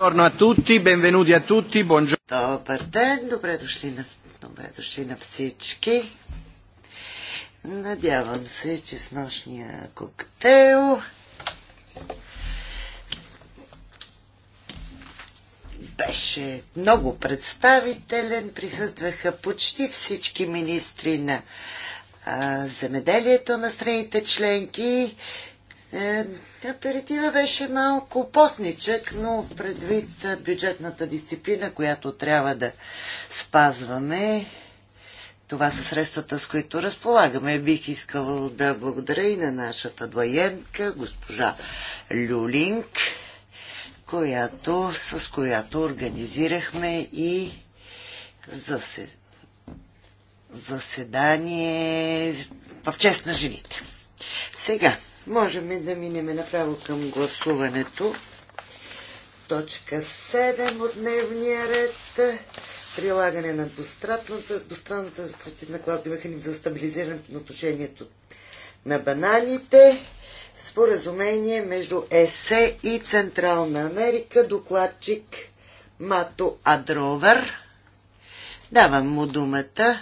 Buongiorno a tutti, benvenuti a tutti, buongiorno. Добър ден, добре дошли на, добре дошли на всички. Надявам се, че с нощния коктейл беше много представителен. Присъстваха почти всички министри на а, земеделието на страните членки аперитива е, беше малко посничък, но предвид бюджетната дисциплина, която трябва да спазваме, това са средствата, с които разполагаме. Бих искал да благодаря и на нашата двоенка, госпожа Люлинг, която, с която организирахме и засед... заседание в чест на жените. Сега, Можем да минем направо към гласуването. Точка 7 от дневния ред. Прилагане на двустранната, защитна клауза и механизъм за стабилизиране на отношението на бананите. Споразумение между ЕСЕ и Централна Америка. Докладчик Мато Адровер. Давам му думата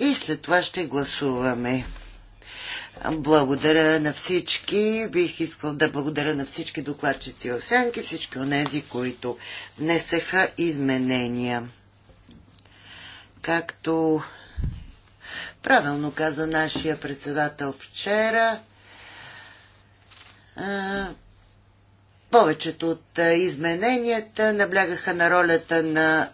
и след това ще гласуваме. Благодаря на всички. Бих искал да благодаря на всички докладчици в сянки, всички тези, които внесеха изменения. Както правилно каза нашия председател вчера, повечето от измененията наблягаха на ролята на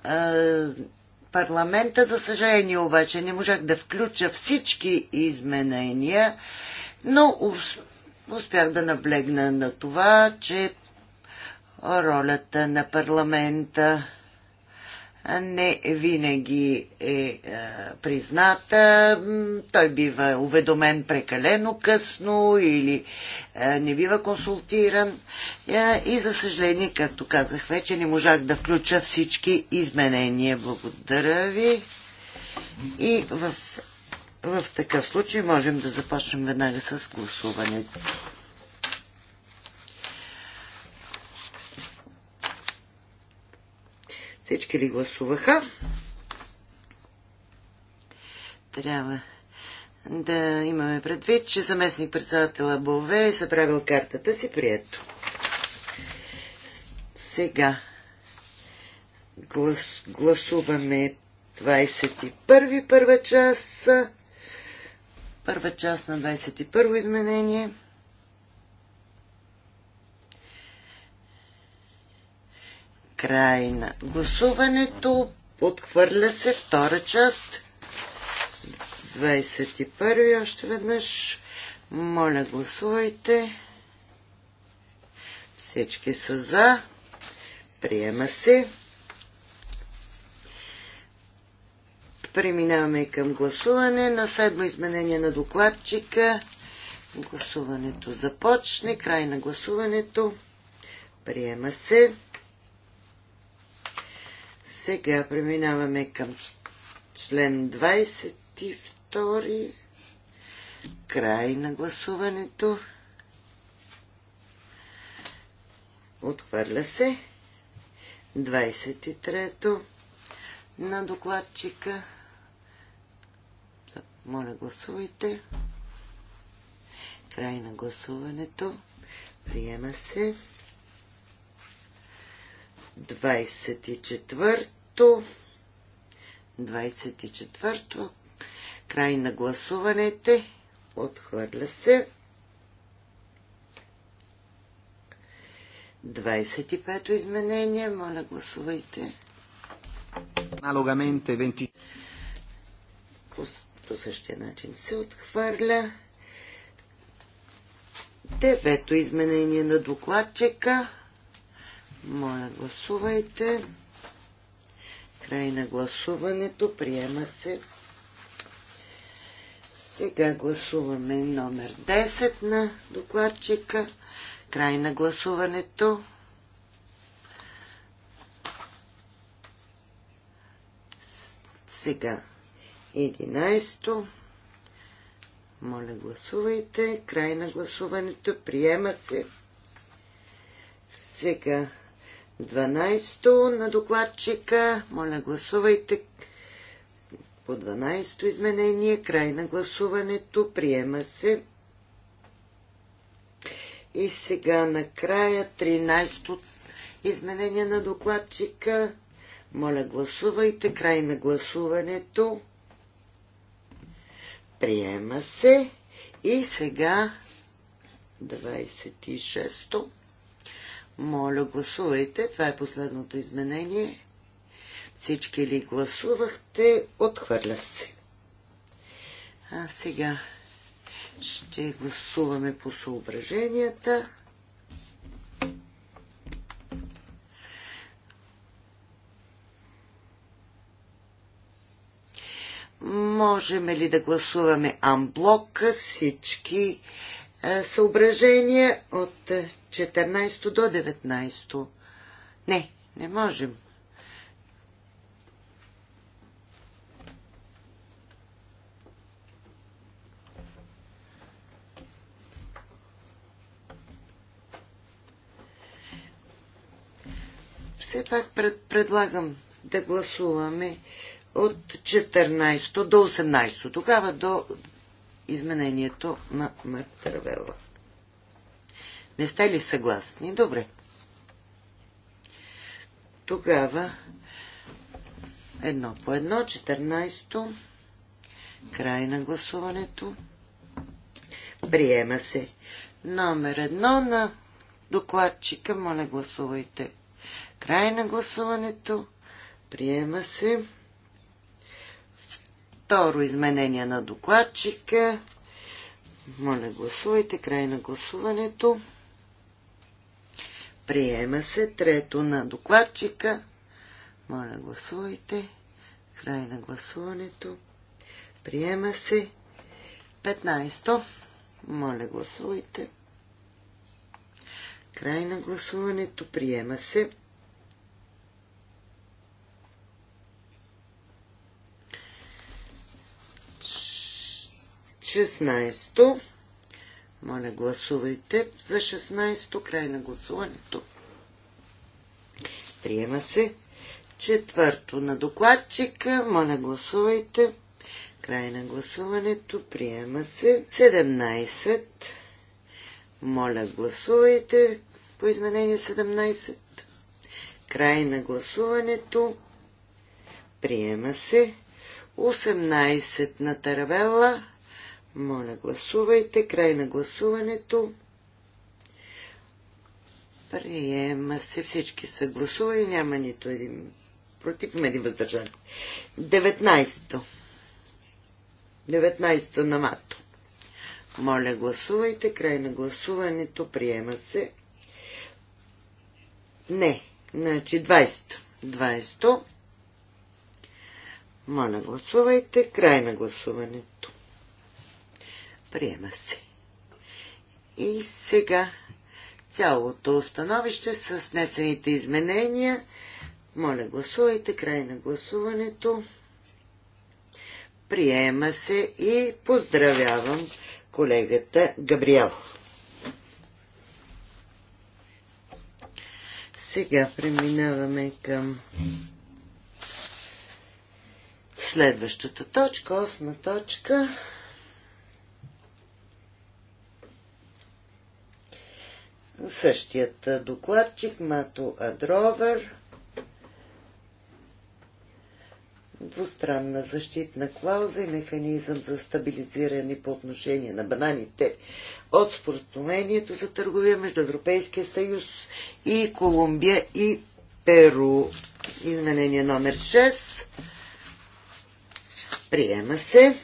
парламента. За съжаление обаче не можах да включа всички изменения, но успях да наблегна на това, че ролята на парламента не винаги е, е призната, той бива уведомен прекалено късно или е, не бива консултиран. Е, и за съжаление, както казах вече, не можах да включа всички изменения. Благодаря ви. И в, в такъв случай можем да започнем веднага с гласуването. Всички ли гласуваха? Трябва да имаме предвид, че заместник председателя Бове е съправил картата си прието. Сега глас, гласуваме 21 първа част. Първа част на 21 изменение. Край на гласуването. Отхвърля се втора част. 21 още веднъж. Моля, гласувайте. Всички са за. Приема се. Преминаваме и към гласуване на седмо изменение на докладчика. Гласуването започне. Край на гласуването. Приема се. Сега преминаваме към член 22. Край на гласуването. Отхвърля се. 23-то на докладчика. Моля, гласувайте. Край на гласуването. Приема се. 24-то. 24-то. Край на гласуването. Отхвърля се. 25-то изменение. Моля, гласувайте. Аналогаменте 20. По, по същия начин се отхвърля. Девето изменение на докладчика. Моля, гласувайте. Край на гласуването. Приема се. Сега гласуваме номер 10 на докладчика. Край на гласуването. Сега 11. Моля, гласувайте. Край на гласуването. Приема се. Сега 12-то на докладчика. Моля, гласувайте по 12-то изменение. Край на гласуването. Приема се. И сега накрая 13-то изменение на докладчика. Моля, гласувайте. Край на гласуването. Приема се. И сега 26-то. Моля, гласувайте. Това е последното изменение. Всички ли гласувахте? Отхвърля се. А сега ще гласуваме по съображенията. Можем ли да гласуваме амблок всички Съображение от 14 до 19. Не, не можем. Все пак пред, предлагам да гласуваме от 14 до 18. Тогава до изменението на Мартървела. Не сте ли съгласни? Добре. Тогава едно по едно, 14-то, край на гласуването. Приема се. Номер едно на докладчика, моля гласувайте. Край на гласуването. Приема се. Второ изменение на докладчика. Моля, гласувайте. Край на гласуването. Приема се. Трето на докладчика. Моля, гласувайте. Край на гласуването. Приема се. Петнайсто. Моля, гласувайте. Край на гласуването. Приема се. 16-то. Моля, гласувайте за 16-то. Край на гласуването. Приема се. Четвърто на докладчика. Моля, гласувайте. Край на гласуването. Приема се. 17. Моля, гласувайте по изменение 17. Край на гласуването. Приема се. 18 на таравела. Моля, гласувайте. Край на гласуването. Приема се. Всички са гласували. Няма нито един против, има един въздържан. 19-то. 19-то на мато. Моля, гласувайте. Край на гласуването. Приема се. Не. Значи 20. 20. Моля, гласувайте. Край на гласуването. Приема се. И сега цялото становище с внесените изменения. Моля, гласувайте. Край на гласуването. Приема се и поздравявам колегата Габриел. Сега преминаваме към следващата точка, осма точка. същият докладчик Мато Адровер. Двустранна защитна клауза и механизъм за стабилизиране по отношение на бананите от споразумението за търговия между Европейския съюз и Колумбия и Перу. Изменение номер 6. Приема се.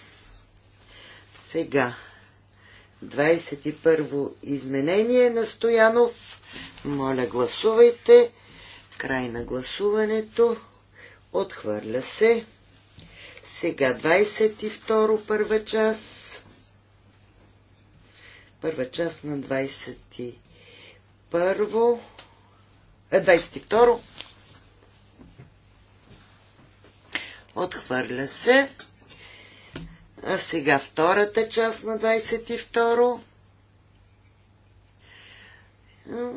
Сега 21 изменение на Стоянов. Моля, гласувайте. Край на гласуването. Отхвърля се. Сега 22 първа част. Първа част на 21. 22. Е, Отхвърля се. А сега втората част на 22.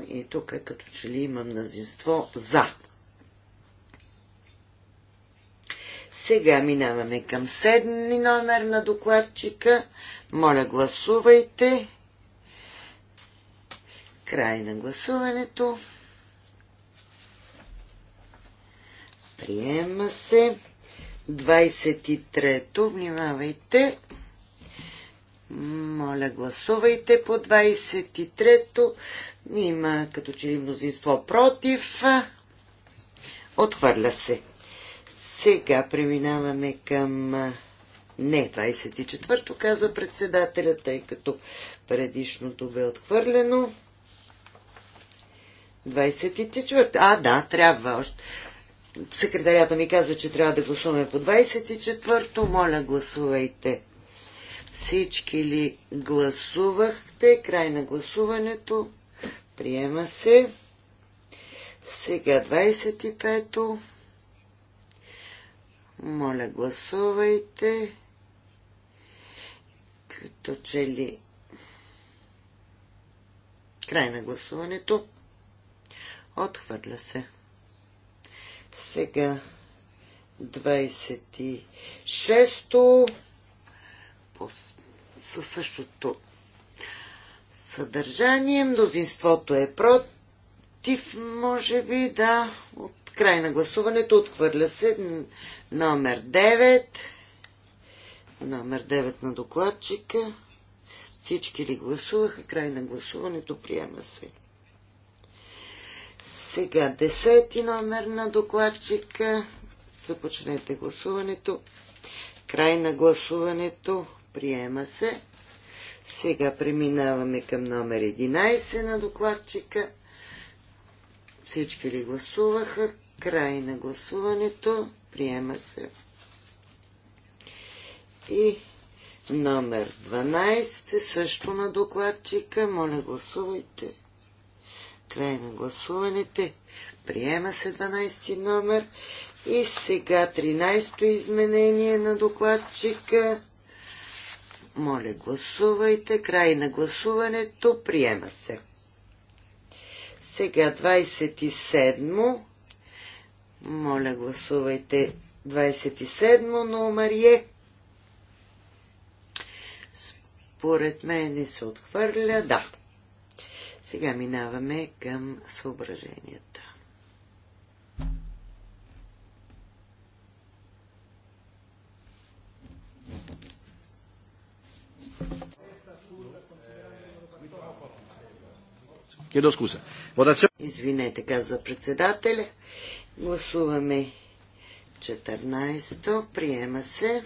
И тук като че ли има мнозинство за. Сега минаваме към седми номер на докладчика. Моля, гласувайте. Край на гласуването. Приема се. 23-то. Внимавайте. Моля, гласувайте по 23-то. Има като че ли мнозинство против. Отхвърля се. Сега преминаваме към не 24-то, казва председателя, тъй като предишното бе отхвърлено. 24-то. А, да, трябва още. Секретарията ми казва, че трябва да гласуваме по 24-то. Моля, гласувайте. Всички ли гласувахте? Край на гласуването. Приема се. Сега 25-то. Моля, гласувайте. Като че ли... Край на гласуването. Отхвърля се. Сега 26-то със същото съдържание. Мнозинството е против, може би, да. От край на гласуването отхвърля се номер 9. Номер 9 на докладчика. Всички ли гласуваха? Край на гласуването приема се. Сега, десети номер на докладчика. Започнете гласуването. Край на гласуването. Приема се. Сега преминаваме към номер 11 на докладчика. Всички ли гласуваха? Край на гласуването. Приема се. И номер 12 е също на докладчика. Моля, гласувайте. Край на гласуването. Приема се 12 номер. И сега 13-то изменение на докладчика. Моля, гласувайте. Край на гласуването. Приема се. Сега 27-мо. Моля, гласувайте 27-мо номер е. Според мен не се отхвърля. Да. Сега минаваме към съображенията. Извинете, казва председателя. Гласуваме 14. то Приема се.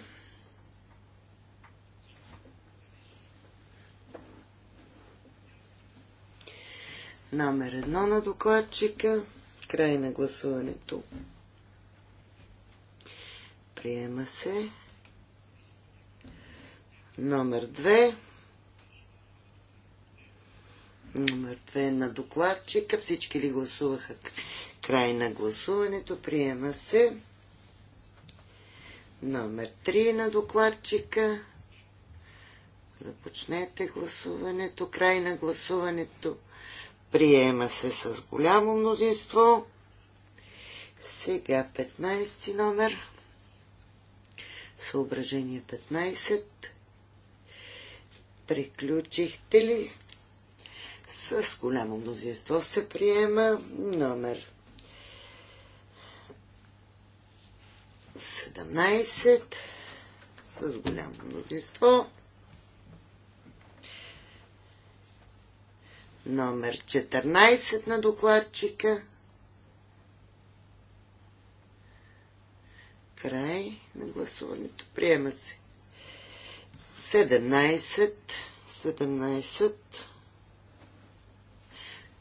Номер едно на докладчика. Край на гласуването. Приема се. Номер две. Номер две на докладчика. Всички ли гласуваха? Край на гласуването. Приема се. Номер 3 на докладчика. Започнете гласуването. Край на гласуването. Приема се с голямо мнозинство. Сега 15 номер. Съображение 15. Приключихте ли? С голямо мнозинство се приема номер 17. С голямо мнозинство. номер 14 на докладчика. Край на гласуването. Приема се. 17. 17.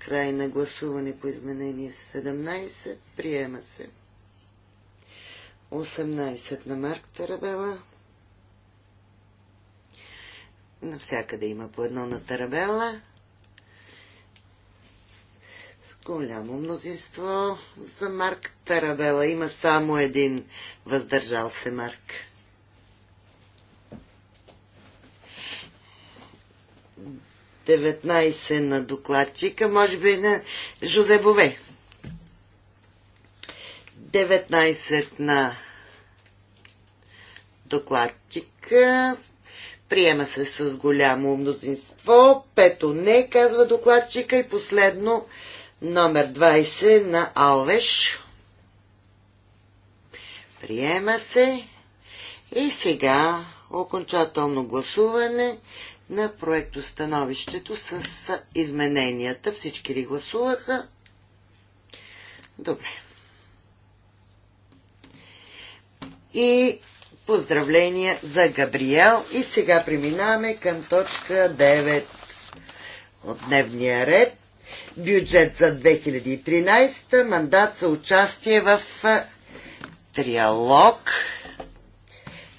Край на гласуване по изменение 17. Приема се. 18 на Марк Тарабела. Навсякъде има по едно на Тарабела голямо мнозинство за Марк Тарабела. Има само един въздържал се Марк. Деветнайсе на докладчика, може би на Жозебове. 19 на докладчика. Приема се с голямо мнозинство. Пето не, казва докладчика. И последно номер 20 на Алвеш. Приема се. И сега окончателно гласуване на проектостановището с измененията. Всички ли гласуваха? Добре. И поздравления за Габриел. И сега преминаваме към точка 9 от дневния ред бюджет за 2013, мандат за участие в триалог.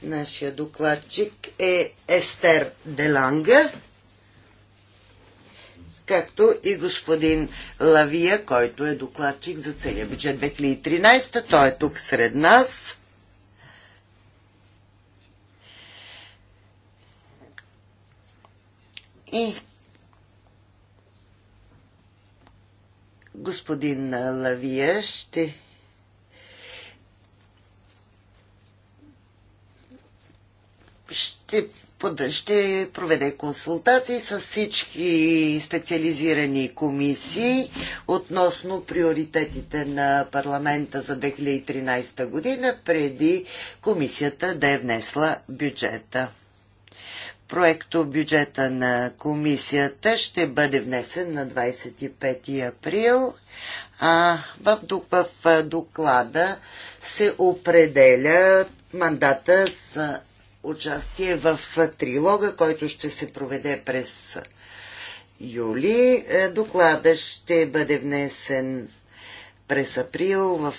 Нашия докладчик е Естер Деланга, както и господин Лавия, който е докладчик за целия бюджет 2013. Той е тук сред нас. И господин Лавия ще ще, ще проведе консултации с всички специализирани комисии относно приоритетите на парламента за 2013 година преди комисията да е внесла бюджета проекто бюджета на комисията ще бъде внесен на 25 април. А в, в доклада се определя мандата за участие в трилога, който ще се проведе през юли. Е, доклада ще бъде внесен през април в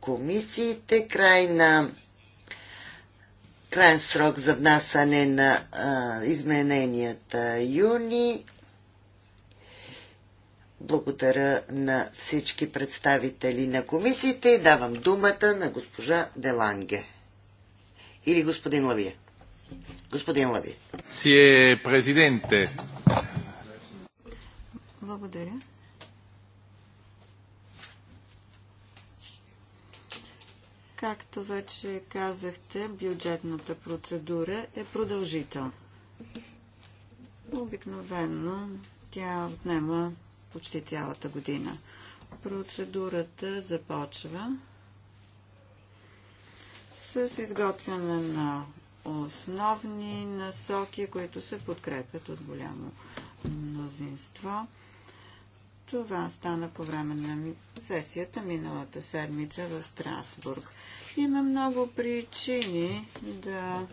комисиите. Край на Крайен срок за внасане на а, измененията юни. Благодаря на всички представители на комисиите и давам думата на госпожа Деланге. Или господин Лавия. Господин Лавия. Си е президенте. Благодаря. Както вече казахте, бюджетната процедура е продължителна. Обикновено тя отнема почти цялата година. Процедурата започва с изготвяне на основни насоки, които се подкрепят от голямо мнозинство. Това стана по време на сесията миналата седмица в Страсбург. Има много причини да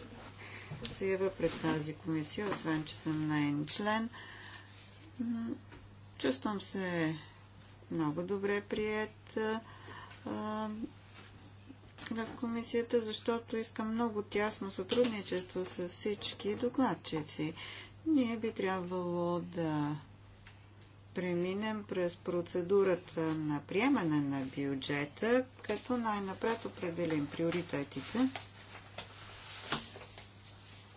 се ява пред тази комисия, освен че съм нейн член. Чувствам се много добре прият в комисията, защото искам много тясно сътрудничество с всички докладчици. Ние би трябвало да преминем през процедурата на приемане на бюджета, като най-напред определим приоритетите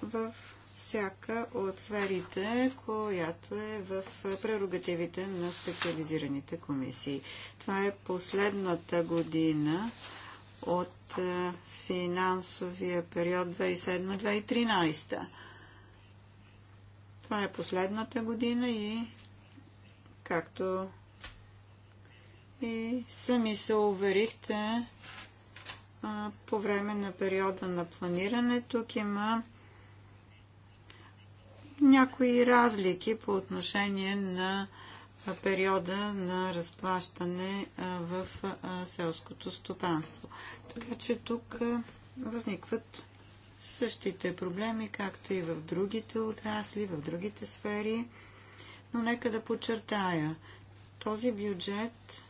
в всяка от сферите, която е в прерогативите на специализираните комисии. Това е последната година от е, финансовия период 2007-2013. Това е последната година и както и сами се уверихте а, по време на периода на планиране. Тук има някои разлики по отношение на периода на разплащане в селското стопанство. Така че тук възникват същите проблеми, както и в другите отрасли, в другите сфери но нека да подчертая, този бюджет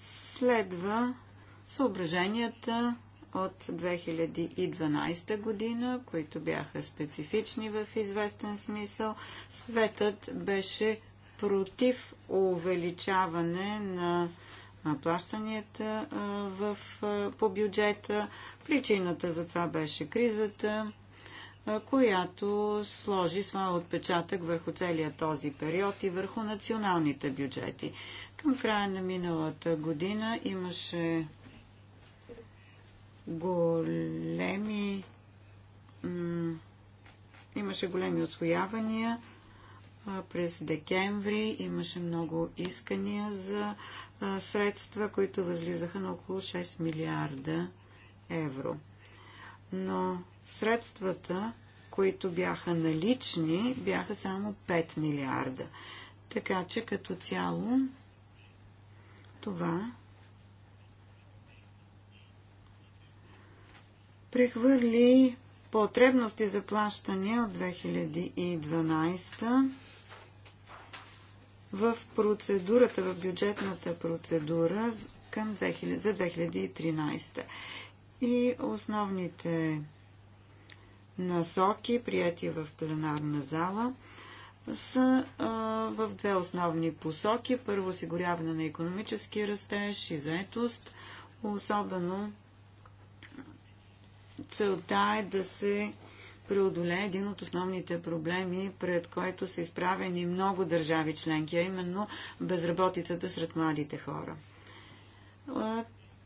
следва съображенията от 2012 година, които бяха специфични в известен смисъл. Светът беше против увеличаване на плащанията в, по бюджета. Причината за това беше кризата която сложи своя отпечатък върху целия този период и върху националните бюджети. Към края на миналата година имаше големи имаше големи освоявания през декември имаше много искания за средства, които възлизаха на около 6 милиарда евро. Но средствата, които бяха налични, бяха само 5 милиарда. Така че като цяло това прехвърли потребности за плащане от 2012 в процедурата, в бюджетната процедура към 2000, за 2013. И основните насоки, прияти в пленарна зала, са а, в две основни посоки. Първо, осигуряване на економически растеж и заетост. Особено целта е да се преодолее един от основните проблеми, пред който са изправени много държави членки, а именно безработицата сред младите хора.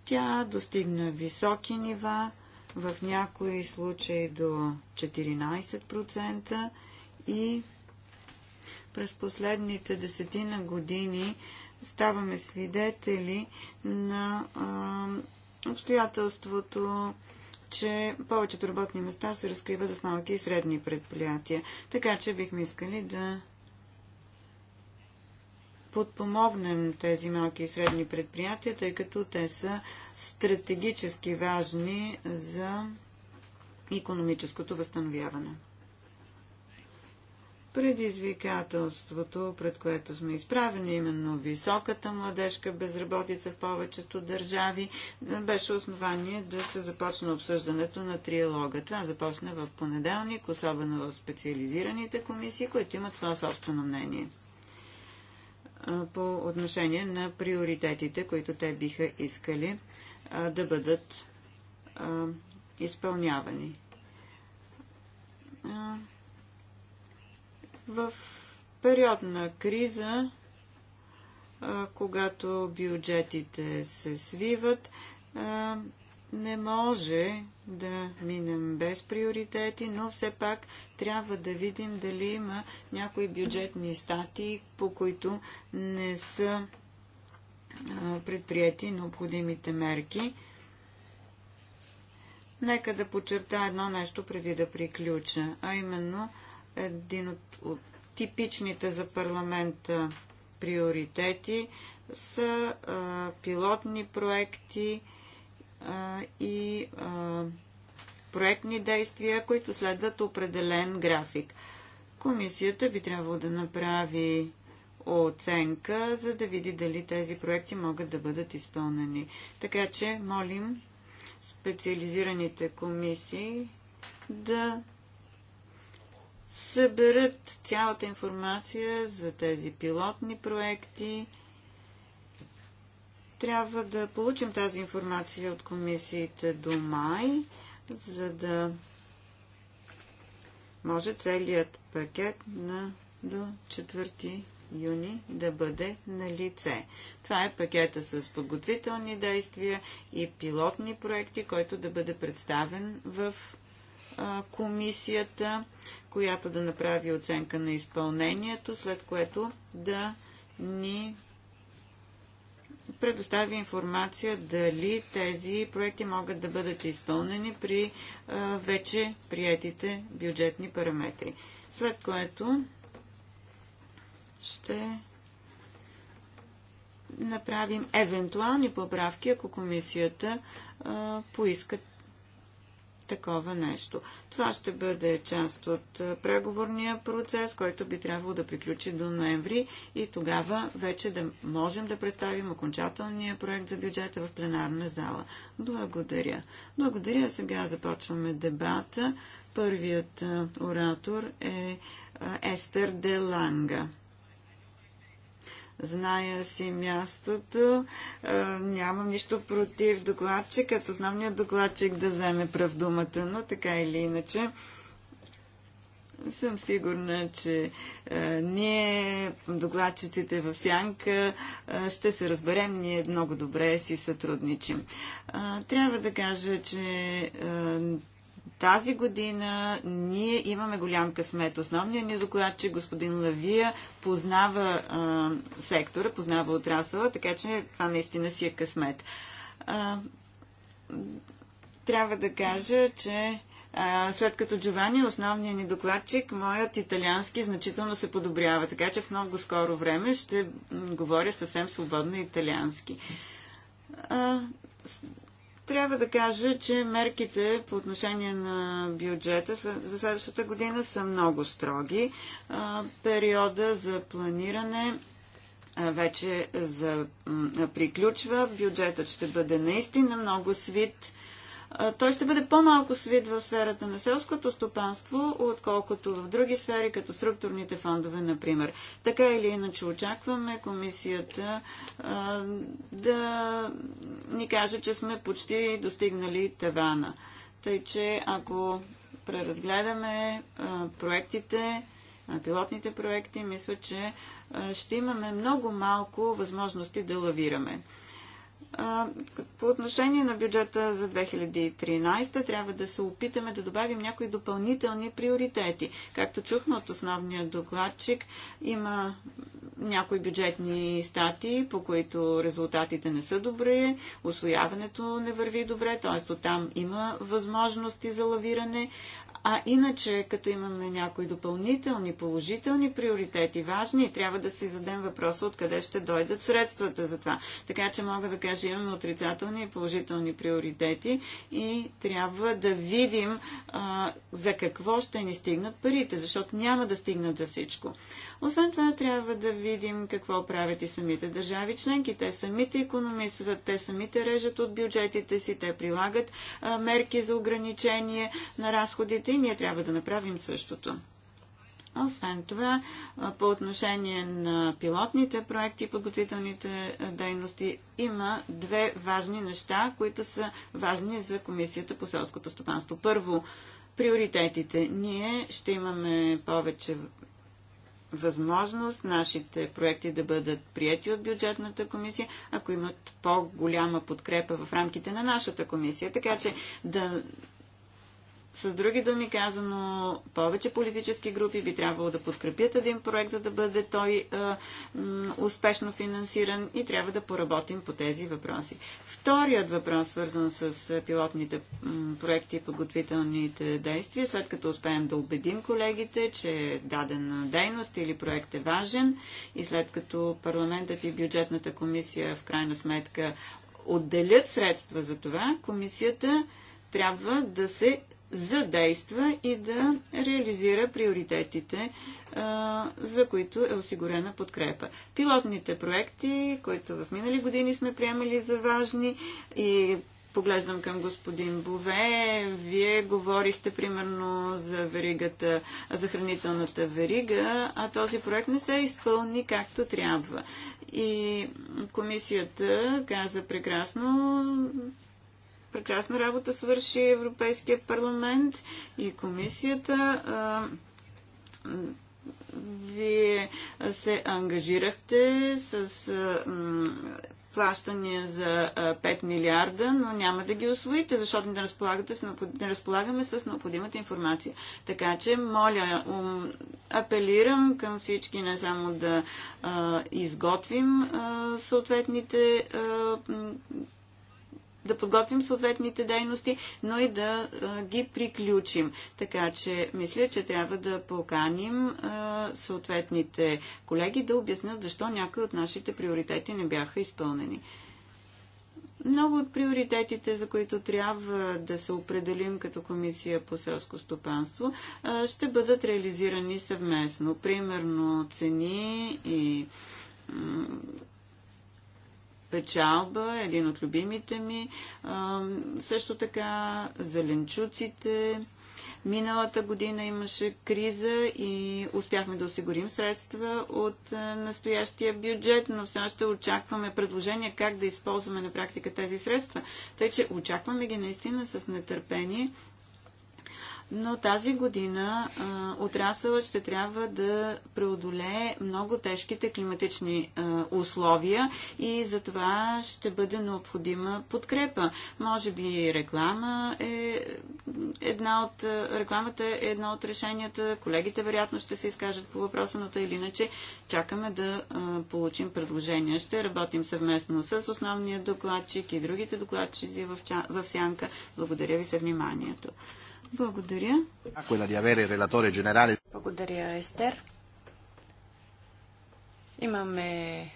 Тя достигна високи нива в някои случаи до 14% и през последните десетина години ставаме свидетели на а, обстоятелството, че повечето работни места се разкриват в малки и средни предприятия. Така че бихме искали да подпомогнем тези малки и средни предприятия, тъй като те са стратегически важни за економическото възстановяване. Предизвикателството, пред което сме изправени, именно високата младежка безработица в повечето държави, беше основание да се започне обсъждането на триалога. Това започна в понеделник, особено в специализираните комисии, които имат своя собствено мнение по отношение на приоритетите, които те биха искали да бъдат изпълнявани. В период на криза, когато бюджетите се свиват, не може да минем без приоритети, но все пак трябва да видим дали има някои бюджетни статии, по които не са предприяти необходимите мерки. Нека да подчертая едно нещо преди да приключа, а именно един от, типичните за парламента приоритети са а, пилотни проекти, и проектни действия, които следват определен график. Комисията би трябвало да направи оценка, за да види дали тези проекти могат да бъдат изпълнени. Така че молим специализираните комисии да съберат цялата информация за тези пилотни проекти трябва да получим тази информация от комисиите до май, за да може целият пакет на до 4 юни да бъде на лице. Това е пакета с подготвителни действия и пилотни проекти, който да бъде представен в а, комисията, която да направи оценка на изпълнението, след което да ни предостави информация дали тези проекти могат да бъдат изпълнени при вече приятите бюджетни параметри. След което ще направим евентуални поправки, ако комисията поискат такова нещо. Това ще бъде част от преговорния процес, който би трябвало да приключи до ноември и тогава вече да можем да представим окончателния проект за бюджета в пленарна зала. Благодаря. Благодаря. Сега започваме дебата. Първият оратор е Естер Деланга. Зная си мястото, нямам нищо против като основният докладчик да вземе прав думата, но така или иначе съм сигурна, че ние, докладчиците в Сянка, ще се разберем. Ние много добре си сътрудничим. трябва да кажа, че тази година ние имаме голям късмет. Основният ни доклад, че господин Лавия познава а, сектора, познава отрасъла, така че това наистина си е късмет. А, трябва да кажа, че след като Джовани е основният ни докладчик, моят италиански значително се подобрява, така че в много скоро време ще говоря съвсем свободно италиански. Трябва да кажа, че мерките по отношение на бюджета за следващата година са много строги. Периода за планиране вече за, приключва. Бюджетът ще бъде наистина много свит той ще бъде по-малко свит в сферата на селското стопанство, отколкото в други сфери, като структурните фондове, например. Така или иначе очакваме комисията а, да ни каже, че сме почти достигнали тавана. Тъй, че ако преразгледаме а, проектите, а, пилотните проекти, мисля, че ще имаме много малко възможности да лавираме. По отношение на бюджета за 2013 трябва да се опитаме да добавим някои допълнителни приоритети. Както чухме от основния докладчик, има някои бюджетни статии, по които резултатите не са добри, освояването не върви добре, т.е. там има възможности за лавиране, а иначе, като имаме някои допълнителни положителни приоритети, важни, трябва да си задем въпроса откъде ще дойдат средствата за това. Така че мога да кажа, имаме отрицателни и положителни приоритети и трябва да видим а, за какво ще ни стигнат парите, защото няма да стигнат за всичко. Освен това, трябва да видим какво правят и самите държави членки. Те самите економисват, те самите режат от бюджетите си, те прилагат а, мерки за ограничение на разходите и ние трябва да направим същото. Освен това, по отношение на пилотните проекти и подготвителните дейности има две важни неща, които са важни за Комисията по селското стопанство. Първо, приоритетите. Ние ще имаме повече възможност нашите проекти да бъдат прияти от бюджетната комисия, ако имат по-голяма подкрепа в рамките на нашата комисия. Така че да с други думи казано, повече политически групи би трябвало да подкрепят един проект, за да бъде той а, м, успешно финансиран и трябва да поработим по тези въпроси. Вторият въпрос, свързан с пилотните м, проекти и подготвителните действия, след като успеем да убедим колегите, че дадена дейност или проект е важен и след като парламентът и бюджетната комисия в крайна сметка отделят средства за това, комисията трябва да се задейства и да реализира приоритетите, за които е осигурена подкрепа. Пилотните проекти, които в минали години сме приемали за важни и поглеждам към господин Бове. Вие говорихте примерно за веригата, за хранителната верига, а този проект не се изпълни както трябва. И комисията каза прекрасно, Прекрасна работа свърши Европейския парламент и комисията. Вие се ангажирахте с плащания за 5 милиарда, но няма да ги освоите, защото не, разполагате с, не разполагаме с необходимата информация. Така че, моля, апелирам към всички не само да а, изготвим а, съответните да подготвим съответните дейности, но и да ги приключим. Така че мисля, че трябва да поканим съответните колеги да обяснят защо някои от нашите приоритети не бяха изпълнени. Много от приоритетите, за които трябва да се определим като комисия по селско стопанство, ще бъдат реализирани съвместно. Примерно цени и печалба, един от любимите ми. Също така зеленчуците. Миналата година имаше криза и успяхме да осигурим средства от настоящия бюджет, но все още очакваме предложения как да използваме на практика тези средства. Тъй, че очакваме ги наистина с нетърпение но тази година а, отрасъла ще трябва да преодолее много тежките климатични а, условия и за това ще бъде необходима подкрепа. Може би реклама е една от рекламата е едно от решенията. Колегите вероятно ще се изкажат по въпроса, но тъй или иначе чакаме да а, получим предложения. Ще работим съвместно с основния докладчик и другите докладчици в, в сянка. Благодаря ви за вниманието. Благодаря. Благодаря, Естер. Имаме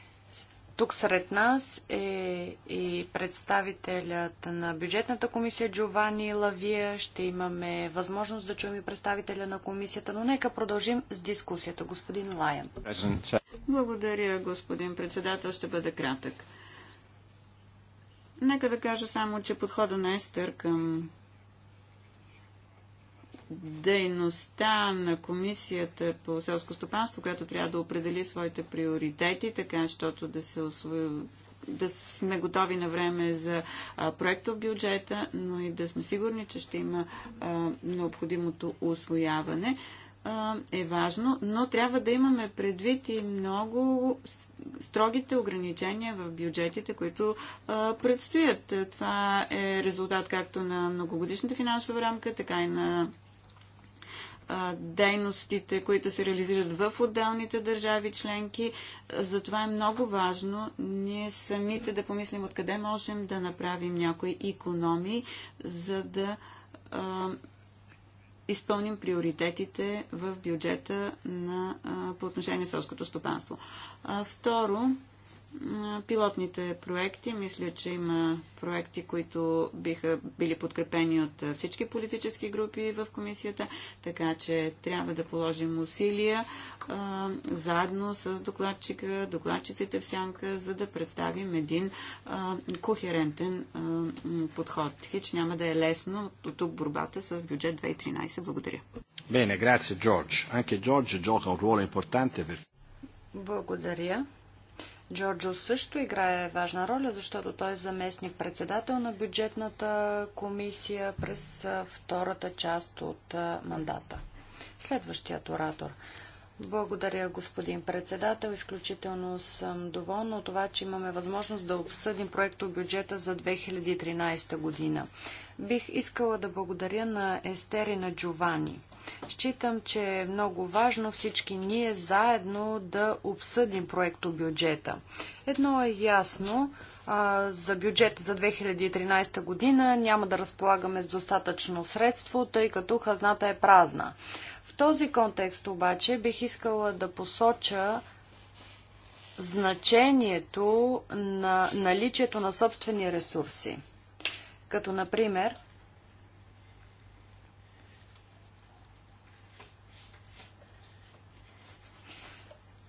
тук сред нас е и представителят на бюджетната комисия Джовани Лавия. Ще имаме възможност да чуем и представителя на комисията, но нека продължим с дискусията. Господин Лайан. Благодаря, господин председател. Ще бъде кратък. Нека да кажа само, че подхода на Естер към дейността на комисията по селско стопанство, която трябва да определи своите приоритети, така, защото да се освои да сме готови на време за проекто бюджета, но и да сме сигурни, че ще има а, необходимото освояване а, е важно, но трябва да имаме предвид и много строгите ограничения в бюджетите, които а, предстоят. Това е резултат както на многогодишната финансова рамка, така и на дейностите, които се реализират в отделните държави членки. Затова е много важно ние самите да помислим откъде можем да направим някои економии, за да а, изпълним приоритетите в бюджета на, а, по отношение на селското стопанство. А, второ, пилотните проекти. Мисля, че има проекти, които биха били подкрепени от всички политически групи в комисията, така че трябва да положим усилия а, заедно с докладчика, докладчиците в сянка, за да представим един а, кохерентен а, подход. Хич няма да е лесно от тук борбата с бюджет 2013. Благодаря. Bene, grazie George. Anche George gioca un ruolo importante per... Благодаря. Джорджо също играе важна роля, защото той е заместник председател на бюджетната комисия през втората част от мандата. Следващият оратор. Благодаря, господин председател. Изключително съм доволна от това, че имаме възможност да обсъдим проекто бюджета за 2013 година. Бих искала да благодаря на Естери на Джовани. Считам, че е много важно всички ние заедно да обсъдим проекто бюджета. Едно е ясно, за бюджет за 2013 година няма да разполагаме с достатъчно средство, тъй като хазната е празна. В този контекст обаче бих искала да посоча значението на наличието на собствени ресурси, като например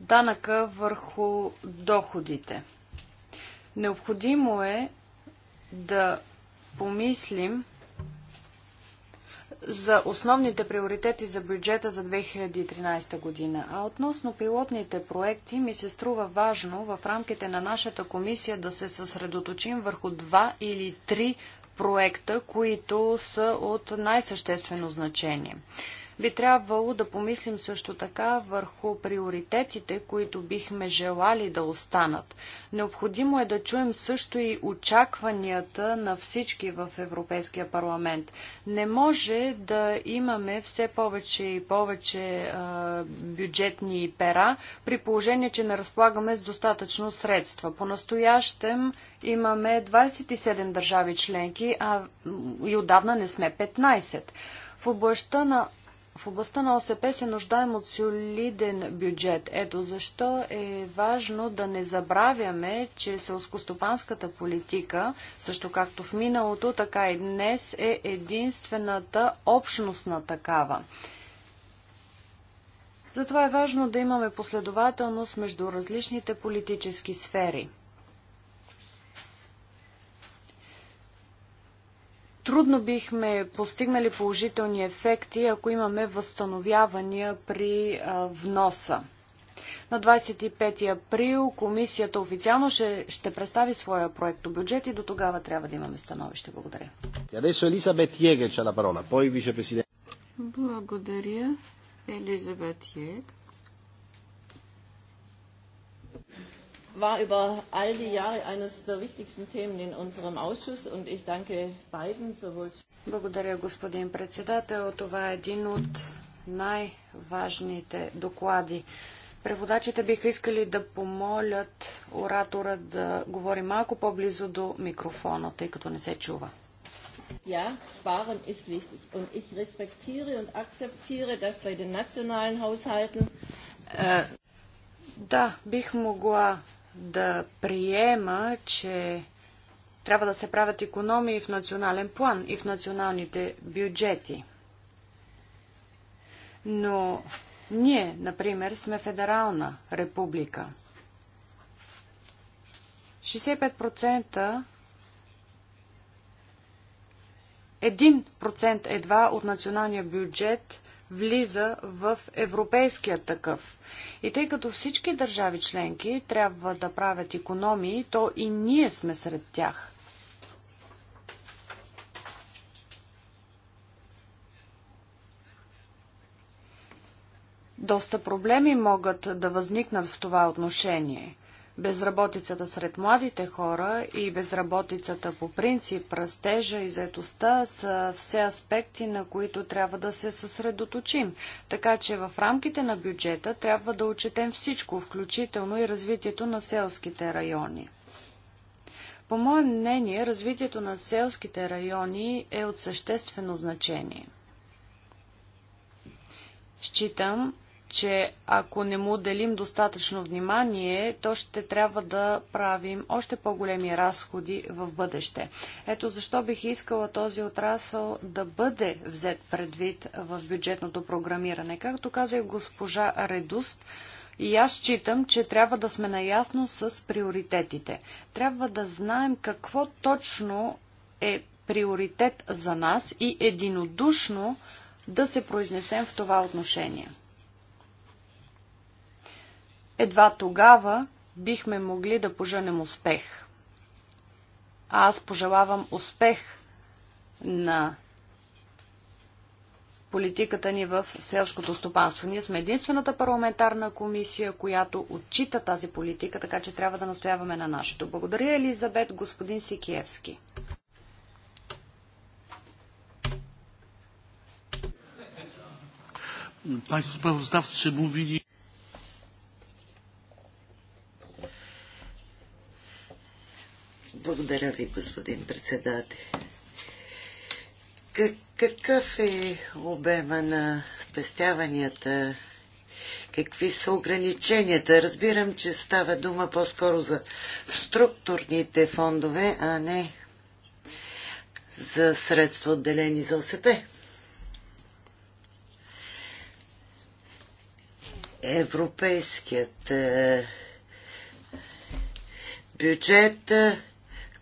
данъка върху доходите. Необходимо е да помислим за основните приоритети за бюджета за 2013 година. А относно пилотните проекти ми се струва важно в рамките на нашата комисия да се съсредоточим върху два или три проекта, които са от най-съществено значение. Би трябвало да помислим също така върху приоритетите, които бихме желали да останат. Необходимо е да чуем също и очакванията на всички в Европейския парламент. Не може да имаме все повече и повече а, бюджетни пера, при положение, че не разполагаме с достатъчно средства. По-настоящем имаме 27 държави членки, а и отдавна не сме 15. В областта на в областта на ОСП се нуждаем от солиден бюджет. Ето защо е важно да не забравяме, че селскостопанската политика, също както в миналото, така и днес е единствената общностна такава. Затова е важно да имаме последователност между различните политически сфери – Трудно бихме постигнали положителни ефекти, ако имаме възстановявания при вноса. На 25 април комисията официално ще, ще представи своя проект бюджет и до тогава трябва да имаме становище. Благодаря. Благодаря, Елизабет Йег. war über all die Jahre eines der wichtigsten Themen in unserem Ausschuss und ich danke beiden für wohl. Благодаря, господин председател. Това е един от най-важните доклади. Преводачите биха искали да помолят оратора да говори малко по-близо до микрофона, тъй като не се чува. Ja, sparen ist wichtig. Und ich respektiere und akzeptiere, dass bei den nationalen Haushalten. Äh... Да, бих могла да приема, че трябва да се правят економии в национален план и в националните бюджети. Но ние, например, сме федерална република. 65% 1% едва от националния бюджет влиза в европейския такъв. И тъй като всички държави членки трябва да правят економии, то и ние сме сред тях. Доста проблеми могат да възникнат в това отношение – Безработицата сред младите хора и безработицата по принцип, растежа и заетостта са все аспекти, на които трябва да се съсредоточим. Така че в рамките на бюджета трябва да отчетем всичко, включително и развитието на селските райони. По мое мнение, развитието на селските райони е от съществено значение. Считам, че ако не му делим достатъчно внимание, то ще трябва да правим още по-големи разходи в бъдеще. Ето защо бих искала този отрасъл да бъде взет предвид в бюджетното програмиране. Както каза и госпожа Редуст, и аз считам, че трябва да сме наясно с приоритетите. Трябва да знаем какво точно е приоритет за нас и единодушно да се произнесем в това отношение едва тогава бихме могли да поженем успех. А аз пожелавам успех на политиката ни в селското стопанство. Ние сме единствената парламентарна комисия, която отчита тази политика, така че трябва да настояваме на нашето. Благодаря, Елизабет, господин Сикиевски. Państwo sprawozdawcy mówili. Благодаря ви, господин председател. Как, какъв е обема на спестяванията? Какви са ограниченията? Разбирам, че става дума по-скоро за структурните фондове, а не за средства отделени за ОСП. Европейският е, бюджет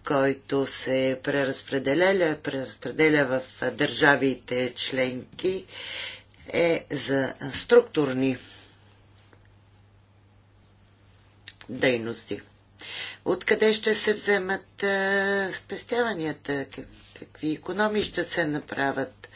който се преразпределя, преразпределя в държавите членки, е за структурни дейности. Откъде ще се вземат спестяванията? Какви економи ще се направят?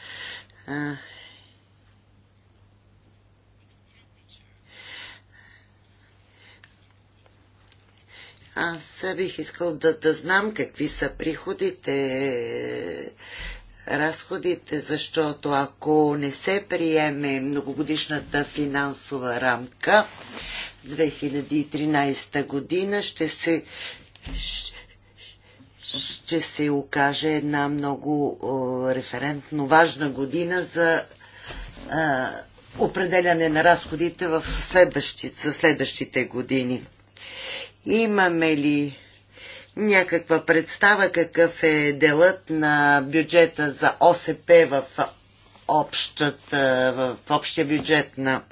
Аз бих искал да, да знам какви са приходите, разходите, защото ако не се приеме многогодишната финансова рамка 2013 година, ще се ще се окаже една много о, референтно важна година за определяне на разходите в следващи, за следващите години. Имаме ли някаква представа какъв е делът на бюджета за ОСП в, общата, в общия бюджет на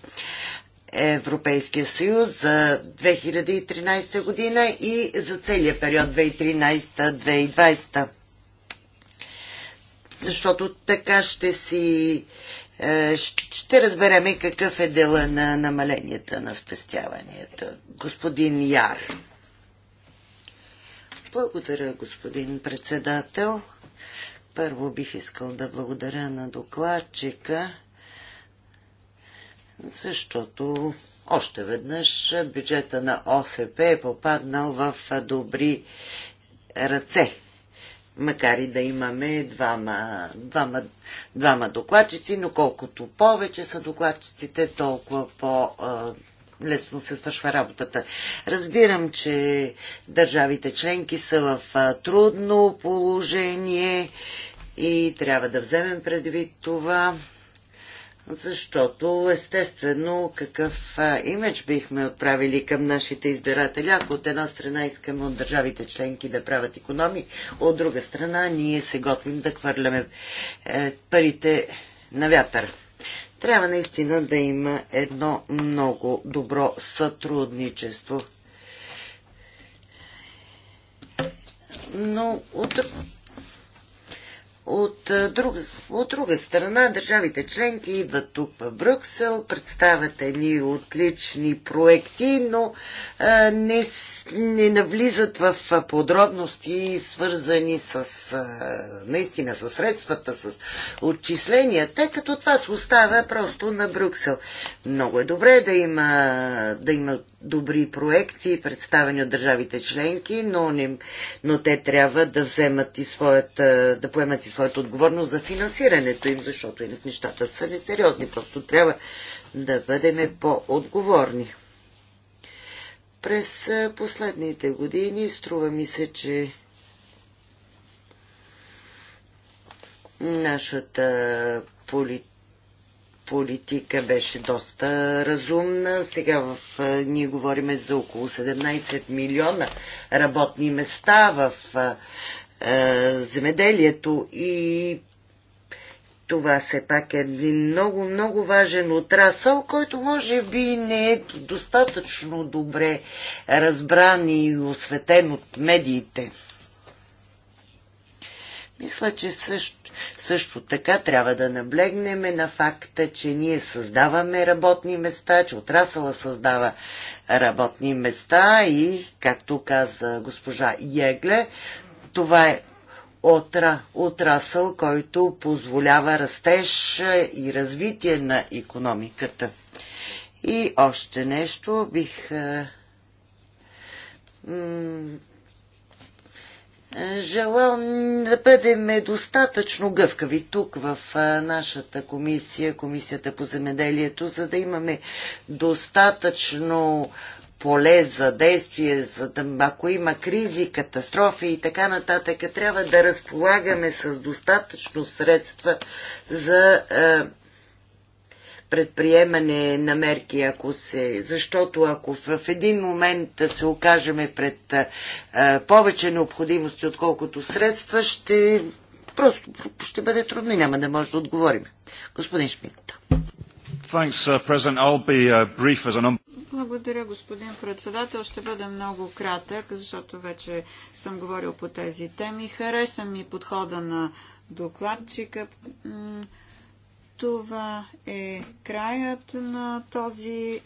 Европейския съюз за 2013 година и за целия период 2013-2020. Защото така ще си е, ще разбереме какъв е дела на намаленията на спестяванията. Господин Яр. Благодаря, господин председател. Първо бих искал да благодаря на докладчика, защото още веднъж бюджета на ОСП е попаднал в добри ръце. Макар и да имаме двама, двама, двама докладчици, но колкото повече са докладчиците, толкова по- лесно се свършва работата. Разбирам, че държавите членки са в трудно положение и трябва да вземем предвид това, защото естествено какъв имидж бихме отправили към нашите избиратели, ако от една страна искаме от държавите членки да правят економи, от друга страна ние се готвим да хвърляме е, парите на вятъра. Трябва наистина да има едно много добро сътрудничество. Но от от е, друга, от друга страна, държавите членки идват тук в Брюксел, представят едни отлични проекти, но а, е, не, не навлизат в е, подробности, свързани с а, наистина с средствата, с отчисленията, като това се оставя просто на Брюксел. Много е добре да има, да има добри проекти, представени от държавите членки, но, не, но те трябва да вземат и своята, да поемат и своята отговорност за финансирането им, защото и нещата са несериозни. Просто трябва да бъдем по-отговорни. През последните години струва ми се, че нашата политика политика беше доста разумна. Сега в, ние говориме за около 17 милиона работни места в а, земеделието и това все пак е един много, много важен отрасъл, който може би не е достатъчно добре разбран и осветен от медиите. Мисля, че също също така трябва да наблегнем на факта, че ние създаваме работни места, че отрасъла създава работни места и, както каза госпожа Егле, това е отра, отрасъл, който позволява растеж и развитие на економиката. И още нещо бих желал да бъдем достатъчно гъвкави тук в нашата комисия, Комисията по земеделието, за да имаме достатъчно поле за действие, за да, ако има кризи, катастрофи и така нататък, трябва да разполагаме с достатъчно средства за е, предприемане на мерки, ако се, защото ако в един момент се окажеме пред а, повече необходимости, отколкото средства, ще просто ще бъде трудно и няма да може да отговорим. Господин Шмидт. Uh, uh, Благодаря, господин председател. Ще бъда много кратък, защото вече съм говорил по тези теми. Хареса ми подхода на докладчика. Това е краят на този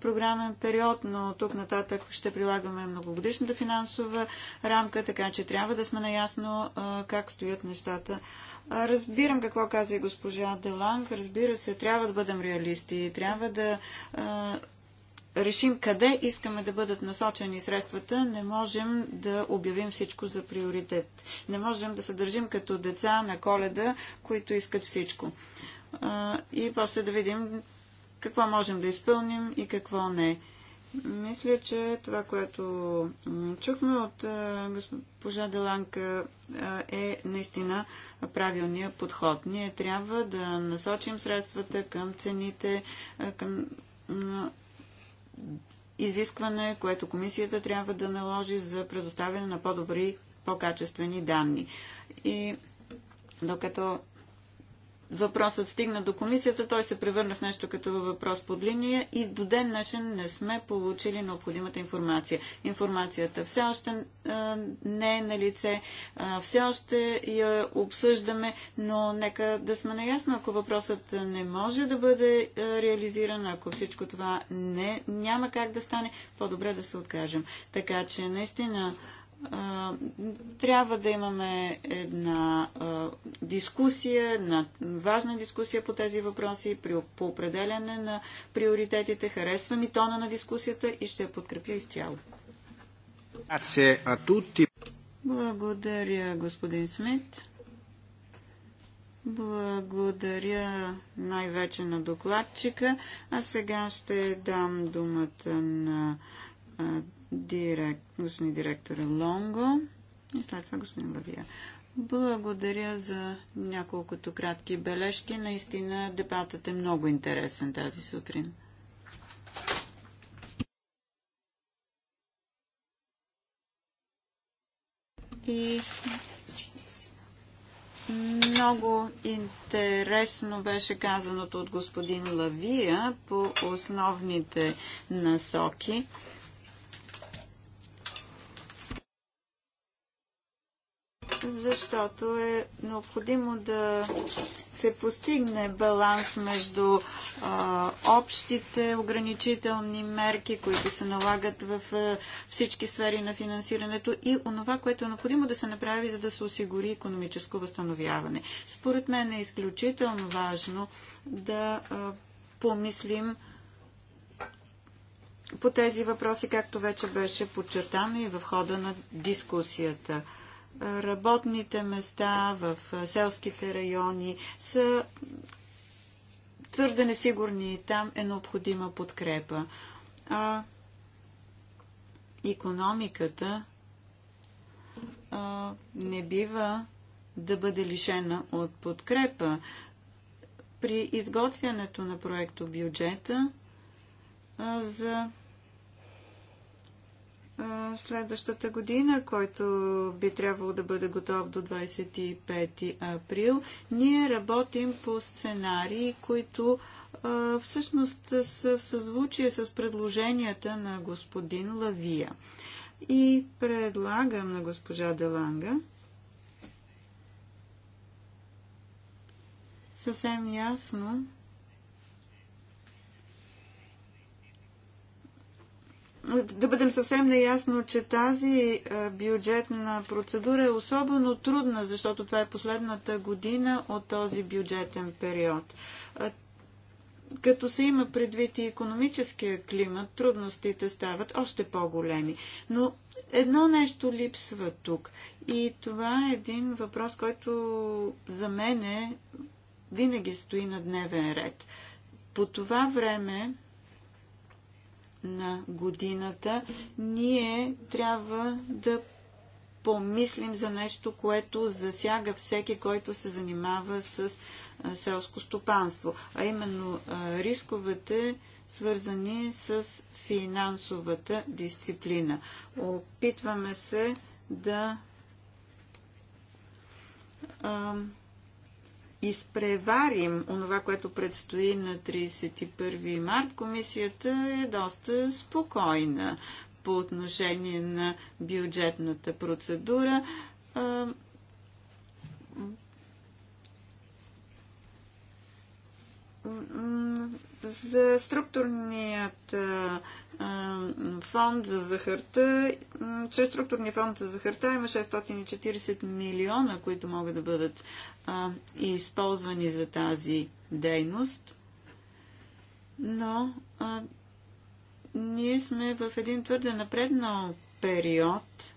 програмен период, но тук нататък ще прилагаме многогодишната финансова рамка, така че трябва да сме наясно как стоят нещата. Разбирам какво каза и госпожа Деланг. Разбира се, трябва да бъдем реалисти. Трябва да решим къде искаме да бъдат насочени средствата, не можем да обявим всичко за приоритет. Не можем да се държим като деца на коледа, които искат всичко. И после да видим какво можем да изпълним и какво не. Мисля, че това, което чухме от госпожа Деланка е наистина правилния подход. Ние трябва да насочим средствата към цените, към изискване, което комисията трябва да наложи за предоставяне на по-добри, по-качествени данни. И докато въпросът стигна до комисията, той се превърна в нещо като въпрос под линия и до ден днешен не сме получили необходимата информация. Информацията все още не е на лице, все още я обсъждаме, но нека да сме наясно, ако въпросът не може да бъде реализиран, ако всичко това не, няма как да стане, по-добре да се откажем. Така че наистина трябва да имаме една дискусия, една важна дискусия по тези въпроси, по определяне на приоритетите. Харесва ми тона на дискусията и ще я подкрепя изцяло. Благодаря, господин Смит. Благодаря най-вече на докладчика. А сега ще дам думата на директ, господин директор Лонго и след това господин Лавия. Благодаря за няколкото кратки бележки. Наистина дебатът е много интересен тази сутрин. И много интересно беше казаното от господин Лавия по основните насоки. защото е необходимо да се постигне баланс между а, общите ограничителни мерки, които се налагат в а, всички сфери на финансирането и онова, което е необходимо да се направи, за да се осигури економическо възстановяване. Според мен е изключително важно да а, помислим по тези въпроси, както вече беше подчертано и в хода на дискусията – работните места в селските райони са твърде несигурни и там е необходима подкрепа. А економиката а, не бива да бъде лишена от подкрепа. При изготвянето на проекто бюджета а, за следващата година, който би трябвало да бъде готов до 25 април. Ние работим по сценарии, които всъщност са в съзвучие с предложенията на господин Лавия. И предлагам на госпожа Деланга съвсем ясно да бъдем съвсем наясно, че тази бюджетна процедура е особено трудна, защото това е последната година от този бюджетен период. Като се има предвид и економическия климат, трудностите стават още по-големи. Но едно нещо липсва тук. И това е един въпрос, който за мен винаги стои на дневен ред. По това време на годината, ние трябва да помислим за нещо, което засяга всеки, който се занимава с селско стопанство, а именно рисковете, свързани с финансовата дисциплина. Опитваме се да изпреварим онова, което предстои на 31 март, комисията е доста спокойна по отношение на бюджетната процедура. За структурният фонд за захарта, чрез структурния фонд за захарта има 640 милиона, които могат да бъдат а, използвани за тази дейност. Но а, ние сме в един твърде напреднал период,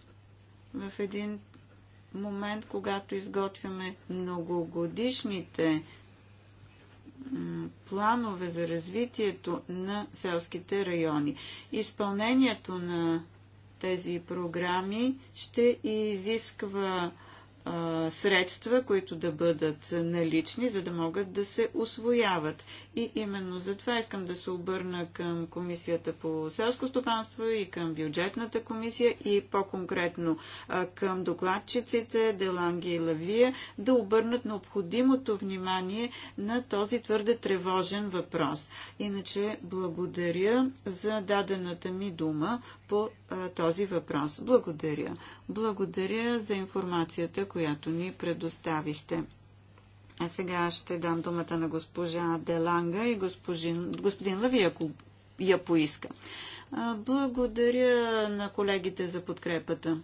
в един момент, когато изготвяме многогодишните планове за развитието на селските райони. Изпълнението на тези програми ще изисква средства, които да бъдат налични, за да могат да се освояват. И именно за това искам да се обърна към Комисията по селско стопанство и към бюджетната комисия и по-конкретно към докладчиците Деланги и Лавия да обърнат необходимото внимание на този твърде тревожен въпрос. Иначе благодаря за дадената ми дума по този въпрос. Благодаря. Благодаря за информацията, която ни предоставихте. А сега ще дам думата на госпожа Деланга и госпожин, господин Лави, ако я поиска. Благодаря на колегите за подкрепата.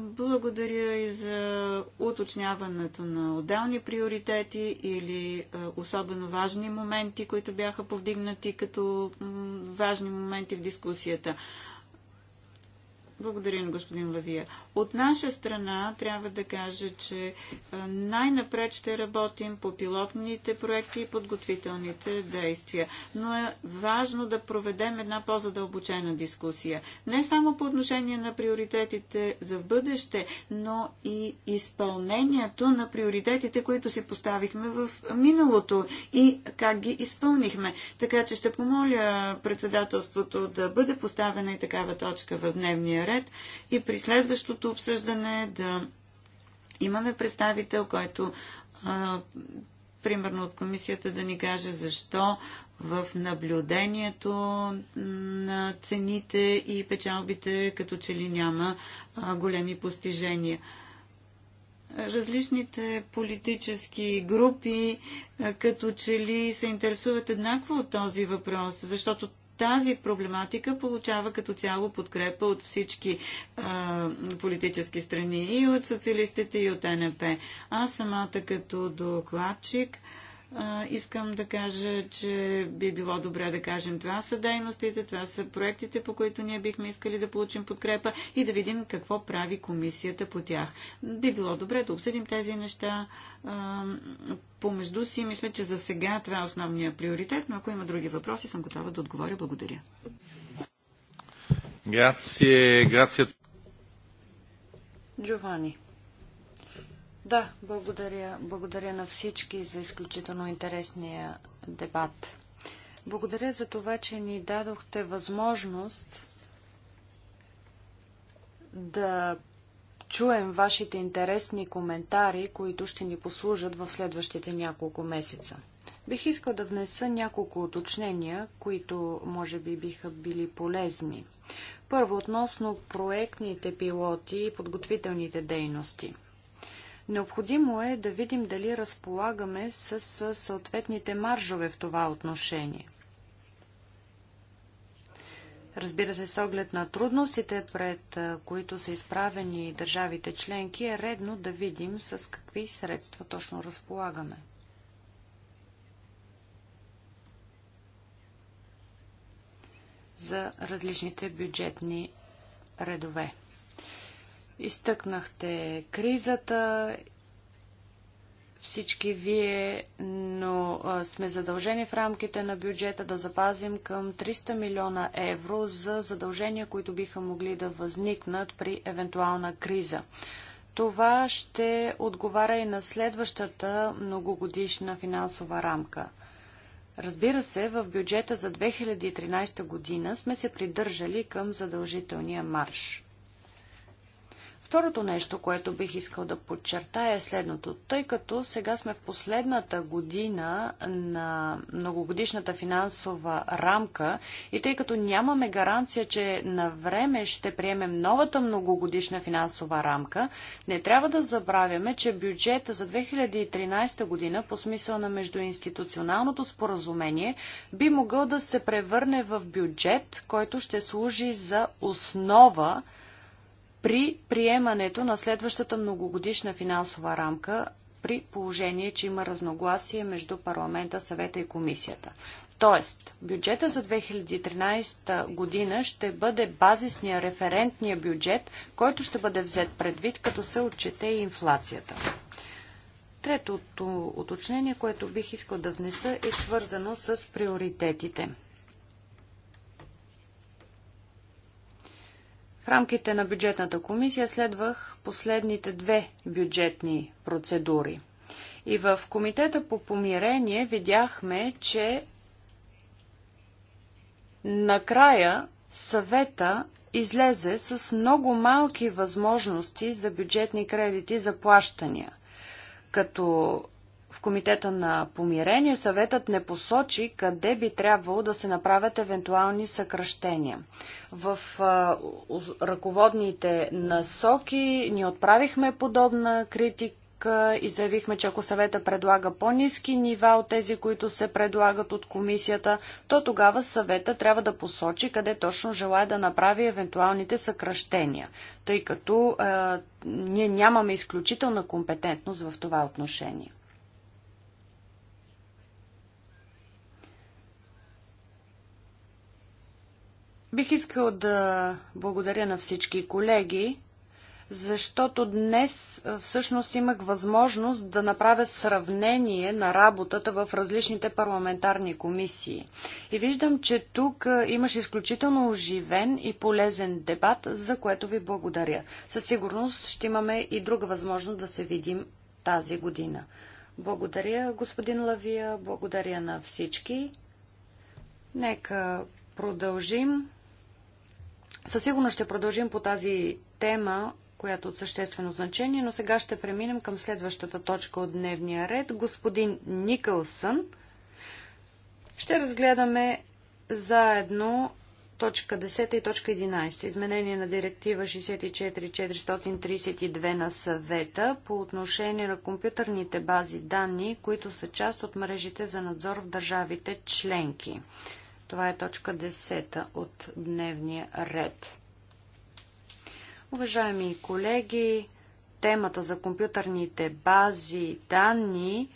Благодаря и за уточняването на отделни приоритети или особено важни моменти, които бяха повдигнати като важни моменти в дискусията. Благодаря на господин Лавия. От наша страна трябва да кажа, че най-напред ще работим по пилотните проекти и подготвителните действия. Но е важно да проведем една по-задълбочена дискусия. Не само по отношение на приоритетите за в бъдеще, но и изпълнението на приоритетите, които си поставихме в миналото и как ги изпълнихме. Така че ще помоля председателството да бъде поставена и такава точка в дневния наред и при следващото обсъждане да имаме представител, който примерно от комисията да ни каже защо в наблюдението на цените и печалбите като че ли няма големи постижения различните политически групи като че ли се интересуват еднакво от този въпрос, защото тази проблематика получава като цяло подкрепа от всички а, политически страни и от социалистите и от НП. Аз самата като докладчик искам да кажа, че би било добре да кажем това са дейностите, това са проектите, по които ние бихме искали да получим подкрепа и да видим какво прави комисията по тях. Би било добре да обсъдим тези неща помежду си. Мисля, че за сега това е основният приоритет, но ако има други въпроси, съм готова да отговоря. Благодаря. Грация, грация. Джовани. Да, благодаря. Благодаря на всички за изключително интересния дебат. Благодаря за това, че ни дадохте възможност да чуем вашите интересни коментари, които ще ни послужат в следващите няколко месеца. Бих искал да внеса няколко уточнения, които може би биха били полезни. Първо, относно проектните пилоти и подготвителните дейности – Необходимо е да видим дали разполагаме с съответните маржове в това отношение. Разбира се, с оглед на трудностите, пред които са изправени държавите членки, е редно да видим с какви средства точно разполагаме. за различните бюджетни редове. Изтъкнахте кризата, всички вие, но сме задължени в рамките на бюджета да запазим към 300 милиона евро за задължения, които биха могли да възникнат при евентуална криза. Това ще отговаря и на следващата многогодишна финансова рамка. Разбира се, в бюджета за 2013 година сме се придържали към задължителния марш. Второто нещо, което бих искал да подчертая е следното. Тъй като сега сме в последната година на многогодишната финансова рамка и тъй като нямаме гаранция, че на време ще приемем новата многогодишна финансова рамка, не трябва да забравяме, че бюджета за 2013 година по смисъл на междуинституционалното споразумение би могъл да се превърне в бюджет, който ще служи за основа при приемането на следващата многогодишна финансова рамка, при положение, че има разногласие между парламента, съвета и комисията. Тоест, бюджета за 2013 година ще бъде базисния референтния бюджет, който ще бъде взет предвид, като се отчете и инфлацията. Третото уточнение, което бих искал да внеса, е свързано с приоритетите – В рамките на бюджетната комисия следвах последните две бюджетни процедури. И в Комитета по помирение видяхме, че накрая съвета излезе с много малки възможности за бюджетни кредити за плащания, като в Комитета на помирение съветът не посочи къде би трябвало да се направят евентуални съкръщения. В а, ръководните насоки ни отправихме подобна критика и заявихме, че ако съвета предлага по-низки нива от тези, които се предлагат от комисията, то тогава съвета трябва да посочи къде точно желая да направи евентуалните съкръщения, тъй като е, ние нямаме изключителна компетентност в това отношение. Бих искал да благодаря на всички колеги, защото днес всъщност имах възможност да направя сравнение на работата в различните парламентарни комисии. И виждам, че тук имаш изключително оживен и полезен дебат, за което ви благодаря. Със сигурност ще имаме и друга възможност да се видим тази година. Благодаря, господин Лавия, благодаря на всички. Нека продължим със сигурност ще продължим по тази тема, която е от съществено значение, но сега ще преминем към следващата точка от дневния ред. Господин Никълсън, ще разгледаме заедно точка 10 и точка 11. Изменение на директива 64432 на съвета по отношение на компютърните бази данни, които са част от мрежите за надзор в държавите членки. Това е точка 10 от дневния ред. Уважаеми колеги, темата за компютърните бази данни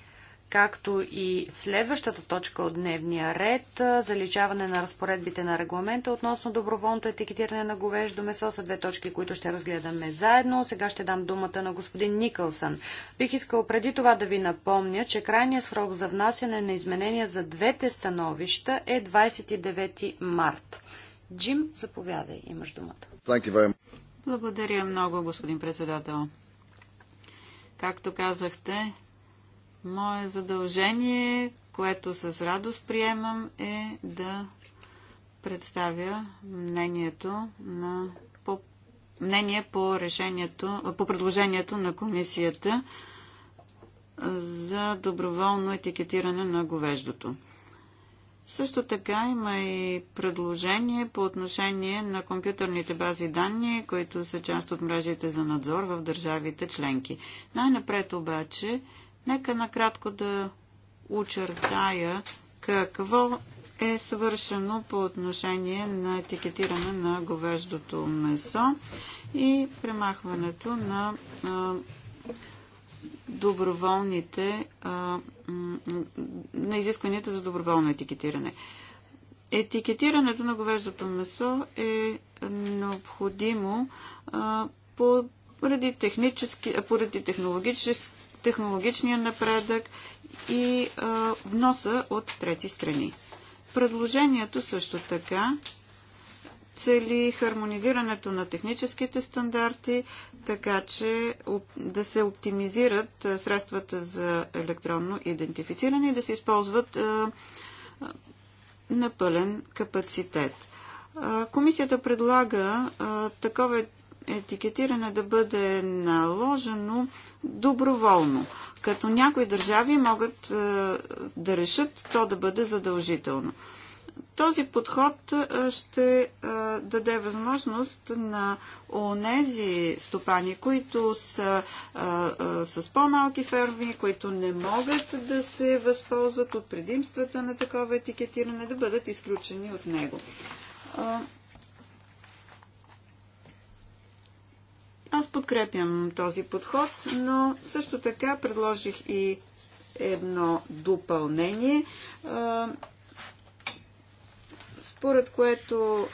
както и следващата точка от дневния ред заличаване на разпоредбите на регламента относно доброволното етикетиране на говеждо месо са две точки, които ще разгледаме заедно. Сега ще дам думата на господин Никълсън. Бих искал преди това да ви напомня, че крайният срок за внасяне на изменения за двете становища е 29 март. Джим, заповядай, имаш думата. Благодаря много, господин председател. Както казахте, Мое задължение, което с радост приемам, е да представя мнението на по, мнение по решението, по предложението на комисията за доброволно етикетиране на говеждото. Също така има и предложение по отношение на компютърните бази данни, които са част от мрежите за надзор в държавите членки. Най-напред обаче Нека накратко да очертая какво е свършено по отношение на етикетиране на говеждото месо и премахването на доброволните на изискванията за доброволно етикетиране. Етикетирането на говеждото месо е необходимо поради, технически, поради технологически технологичния напредък и а, вноса от трети страни. Предложението също така цели хармонизирането на техническите стандарти, така че да се оптимизират средствата за електронно идентифициране и да се използват на пълен капацитет. Комисията предлага такова етикетиране да бъде наложено доброволно, като някои държави могат е, да решат то да бъде задължително. Този подход е, ще е, даде възможност на онези стопани, които са с по-малки ферми, които не могат да се възползват от предимствата на такова етикетиране, да бъдат изключени от него. Аз подкрепям този подход, но също така предложих и едно допълнение, според което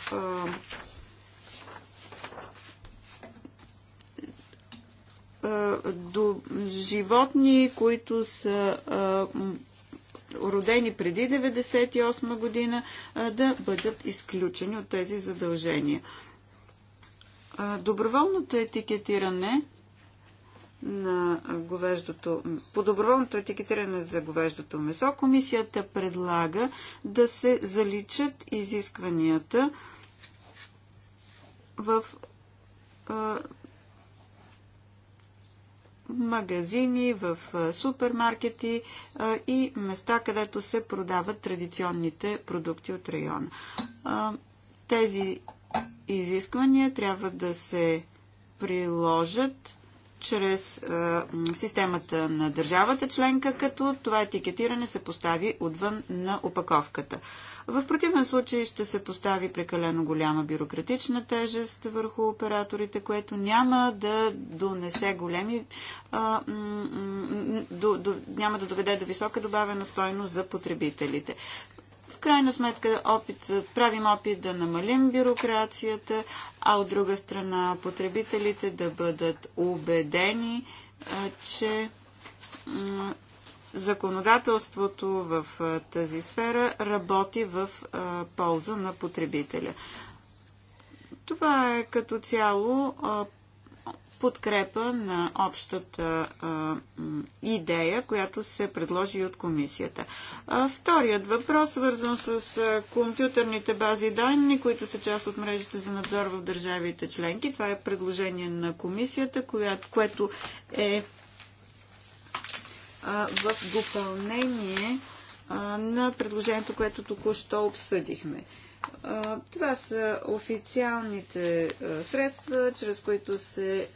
до животни, които са родени преди 1998 година, да бъдат изключени от тези задължения. Доброволното етикетиране на говеждото, по доброволното етикетиране за говеждото месо, комисията предлага да се заличат изискванията в магазини, в супермаркети и места, където се продават традиционните продукти от района. тези изисквания трябва да се приложат чрез системата на държавата членка, като това етикетиране се постави отвън на упаковката. В противен случай ще се постави прекалено голяма бюрократична тежест върху операторите, което няма да донесе големи, а, до, до, няма да доведе до висока добавена стойност за потребителите крайна сметка опит, правим опит да намалим бюрокрацията, а от друга страна потребителите да бъдат убедени, че законодателството в тази сфера работи в полза на потребителя. Това е като цяло подкрепа на общата а, идея, която се предложи от комисията. А, вторият въпрос, свързан с а, компютърните бази данни, които са част от мрежите за надзор в държавите членки. Това е предложение на комисията, която, което е а, в допълнение а, на предложението, което току-що обсъдихме. Това са официалните средства, чрез които се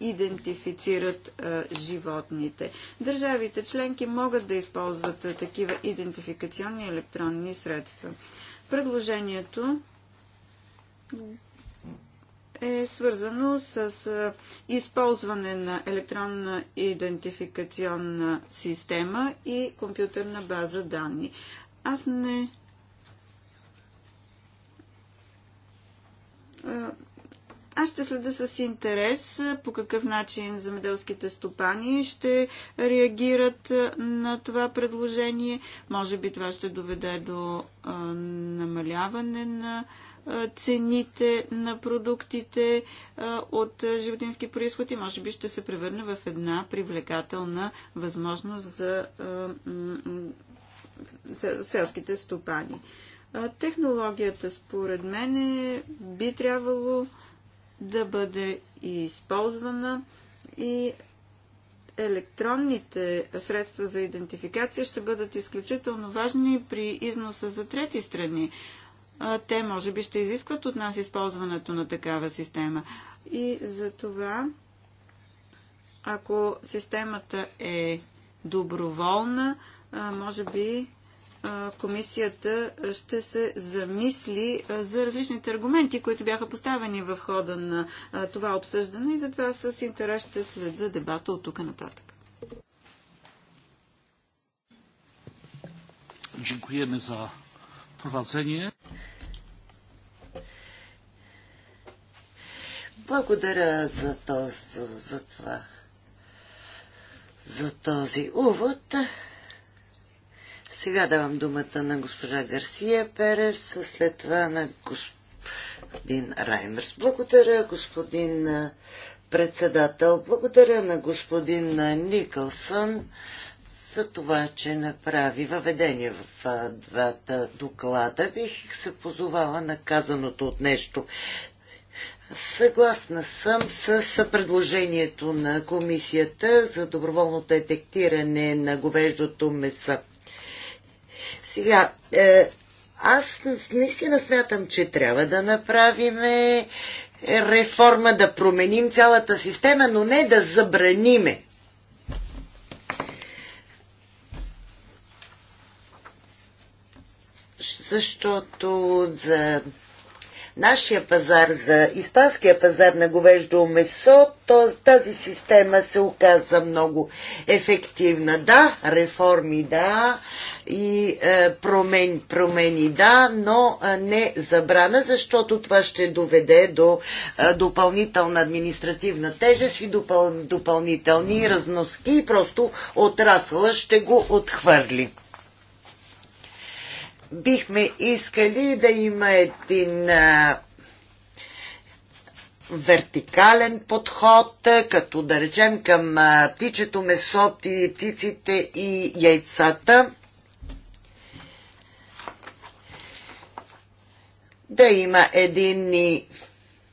идентифицират животните. Държавите членки могат да използват такива идентификационни електронни средства. Предложението е свързано с използване на електронна идентификационна система и компютърна база данни. Аз не Аз ще следа с интерес по какъв начин земеделските стопани ще реагират на това предложение. Може би това ще доведе до намаляване на цените на продуктите от животински происход и може би ще се превърне в една привлекателна възможност за селските стопани. Технологията, според мен, би трябвало да бъде и използвана и електронните средства за идентификация ще бъдат изключително важни при износа за трети страни. Те може би ще изискват от нас използването на такава система. И за това, ако системата е доброволна, може би комисията ще се замисли за различните аргументи, които бяха поставени в хода на това обсъждане и затова с интерес ще следа дебата от тук нататък. Дякуваме за prowadzenie. Благодаря за, този, за това, за този увод. Сега давам думата на госпожа Гарсия Перес, след това на господин Раймерс. Благодаря, господин председател. Благодаря на господин Никълсън за това, че направи въведение в двата доклада. Бих се позовала на казаното от нещо. Съгласна съм с предложението на комисията за доброволно детектиране на говеждото месо сега, е, аз наистина смятам, че трябва да направиме реформа, да променим цялата система, но не да забраниме. Защото за нашия пазар, за испанския пазар на говеждо месо, то тази система се оказа много ефективна. Да, реформи да и е, промен, промени да, но е, не забрана, защото това ще доведе до е, допълнителна административна тежест и допъл, допълнителни разноски и просто отрасъла ще го отхвърли бихме искали да има един а, вертикален подход, като да речем към а, птичето месо, птиците и яйцата. Да има единни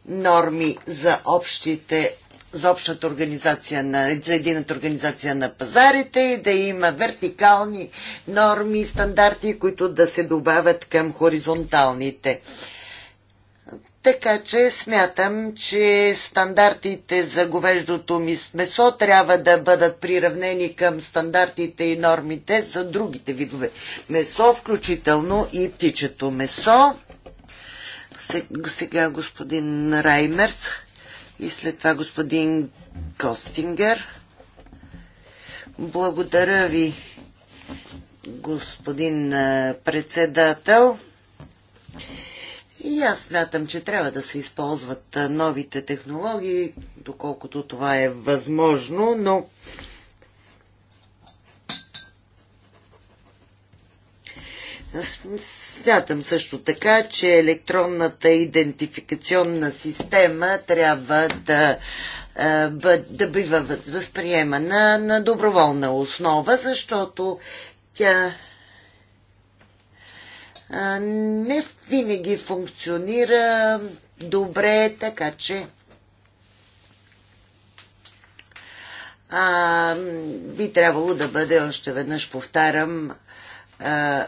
норми за общите за общата организация на, за едината организация на пазарите и да има вертикални норми и стандарти, които да се добавят към хоризонталните. Така че смятам, че стандартите за говеждото месо трябва да бъдат приравнени към стандартите и нормите за другите видове месо, включително и птичето месо. Сега господин Раймерс. И след това господин Костингер. Благодаря ви, господин председател. И аз смятам, че трябва да се използват новите технологии, доколкото това е възможно, но Смятам също така, че електронната идентификационна система трябва да, е, да бива възприемана на доброволна основа, защото тя е, не винаги функционира добре, така че би трябвало да бъде, още веднъж повтарям, е,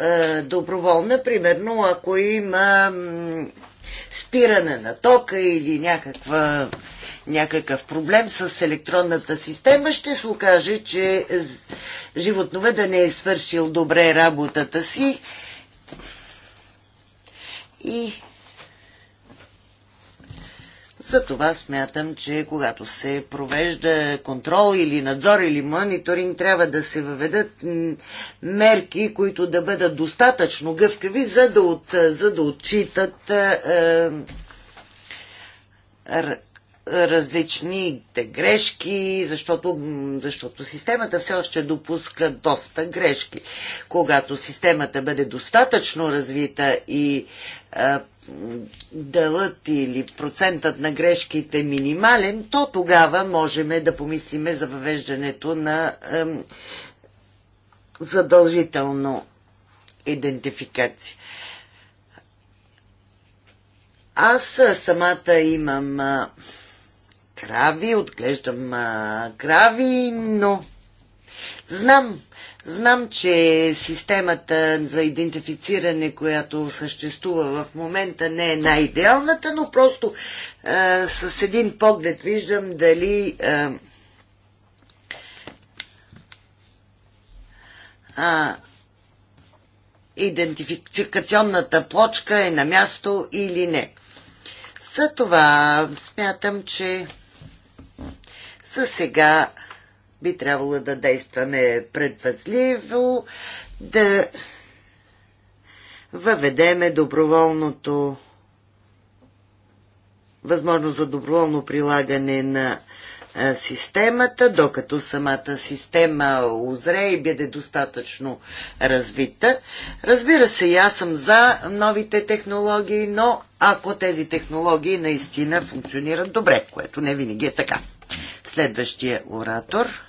е, доброволна, примерно ако има спиране на тока или някаква, някакъв проблем с електронната система, ще се окаже, че животноведа не е свършил добре работата си и затова смятам, че когато се провежда контрол или надзор или мониторинг, трябва да се въведат мерки, които да бъдат достатъчно гъвкави, за да, от, за да отчитат е, е различните грешки, защото, защото системата все още допуска доста грешки. Когато системата бъде достатъчно развита и е, делът или процентът на грешките минимален, то тогава можем да помислиме за въвеждането на ем, задължително идентификация. Аз самата имам а, крави, отглеждам а, крави, но знам, Знам, че системата за идентифициране, която съществува в момента, не е най-идеалната, но просто а, с един поглед виждам дали а, а, идентификационната плочка е на място или не. За това смятам, че за сега би трябвало да действаме предпазливо, да въведеме доброволното възможност за доброволно прилагане на системата, докато самата система озре и бъде достатъчно развита. Разбира се, и аз съм за новите технологии, но ако тези технологии наистина функционират добре, което не винаги е така. Следващия оратор.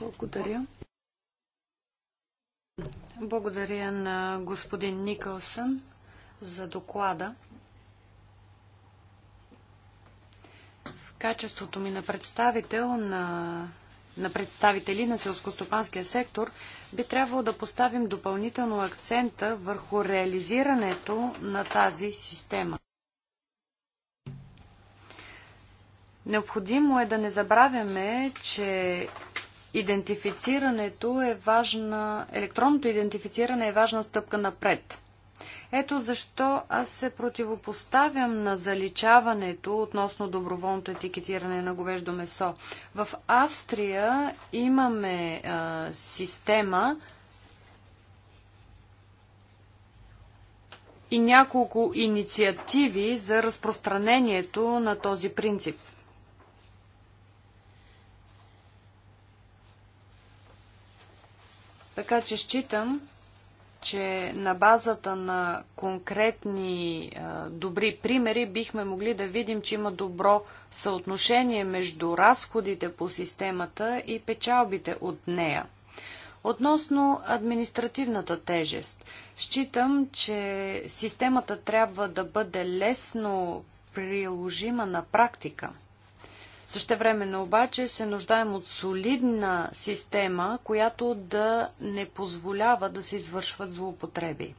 Благодаря. Благодаря на господин Никълсън за доклада. В качеството ми на представител на на представители на селскостопанския сектор, би трябвало да поставим допълнително акцента върху реализирането на тази система. Необходимо е да не забравяме, че идентифицирането е важна, електронното идентифициране е важна стъпка напред. Ето защо аз се противопоставям на заличаването относно доброволното етикетиране на говеждо месо. В Австрия имаме а, система и няколко инициативи за разпространението на този принцип – Така че считам, че на базата на конкретни добри примери бихме могли да видим, че има добро съотношение между разходите по системата и печалбите от нея. Относно административната тежест, считам, че системата трябва да бъде лесно приложима на практика – Същевременно обаче се нуждаем от солидна система, която да не позволява да се извършват злоупотреби.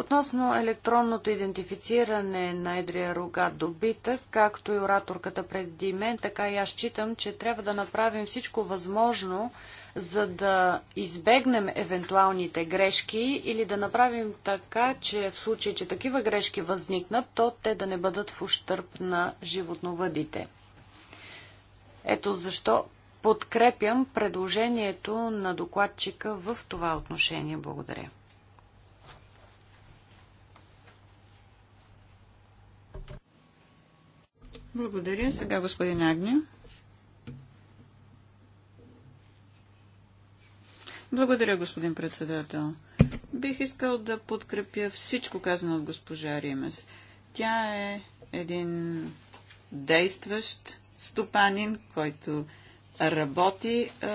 Относно електронното идентифициране на едрия рога добитък, както и ораторката преди мен, така и аз считам, че трябва да направим всичко възможно, за да избегнем евентуалните грешки или да направим така, че в случай, че такива грешки възникнат, то те да не бъдат в ущърп на животновъдите. Ето защо подкрепям предложението на докладчика в това отношение. Благодаря. Благодаря. Сега господин Агню. Благодаря, господин председател. Бих искал да подкрепя всичко казано от госпожа Римес. Тя е един действащ стопанин, който работи а,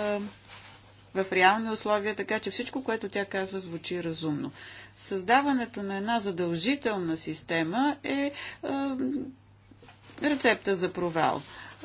в реални условия, така че всичко, което тя казва, звучи разумно. Създаването на една задължителна система е а, рецепта за провал.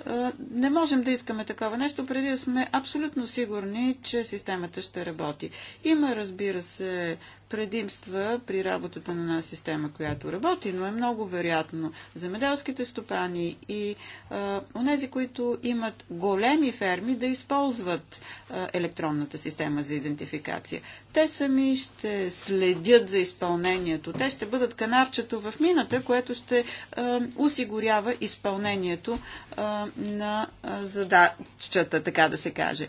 Е, не можем да искаме такова нещо, преди да сме абсолютно сигурни, че системата ще работи. Има, разбира се, предимства при работата на една система, която работи, но е много вероятно земеделските стопани и а, онези, които имат големи ферми, да използват а, електронната система за идентификация. Те сами ще следят за изпълнението. Те ще бъдат канарчето в мината, което ще а, осигурява изпълнението а, на а, задачата, така да се каже.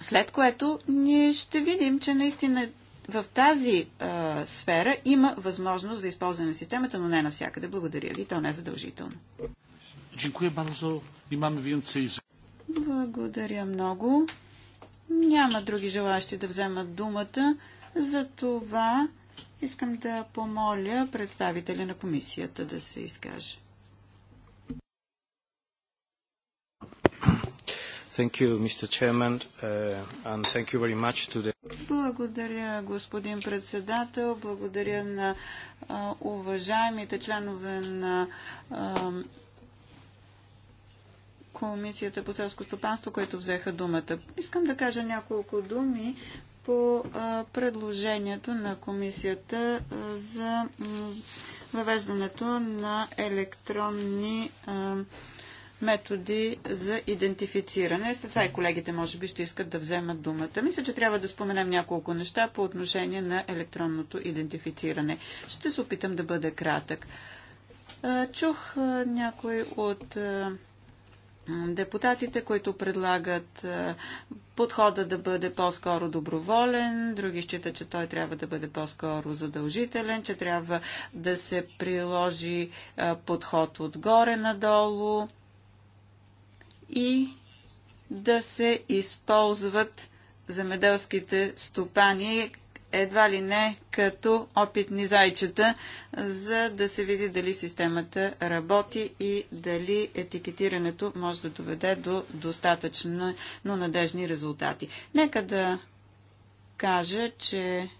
След което ние ще видим, че наистина в тази а, сфера има възможност за използване на системата, но не навсякъде. Благодаря ви. То не е задължително. Благодаря много. Няма други желащи да вземат думата. За това искам да помоля представителя на комисията да се изкаже. Thank you, Mr. Chairman, uh, and thank you very much to the... Благодаря, господин председател. Благодаря на uh, уважаемите членове на Комисията по селско стопанство, които взеха думата. Искам да кажа няколко думи по а, предложението на комисията а, за въвеждането на електронни а, методи за идентифициране. След това и колегите може би ще искат да вземат думата. Мисля, че трябва да споменем няколко неща по отношение на електронното идентифициране. Ще се опитам да бъда кратък. Чух някой от депутатите, които предлагат подхода да бъде по-скоро доброволен, други считат, че той трябва да бъде по-скоро задължителен, че трябва да се приложи подход отгоре надолу и да се използват земеделските стопани едва ли не като опитни зайчета, за да се види дали системата работи и дали етикетирането може да доведе до достатъчно надежни резултати. Нека да кажа, че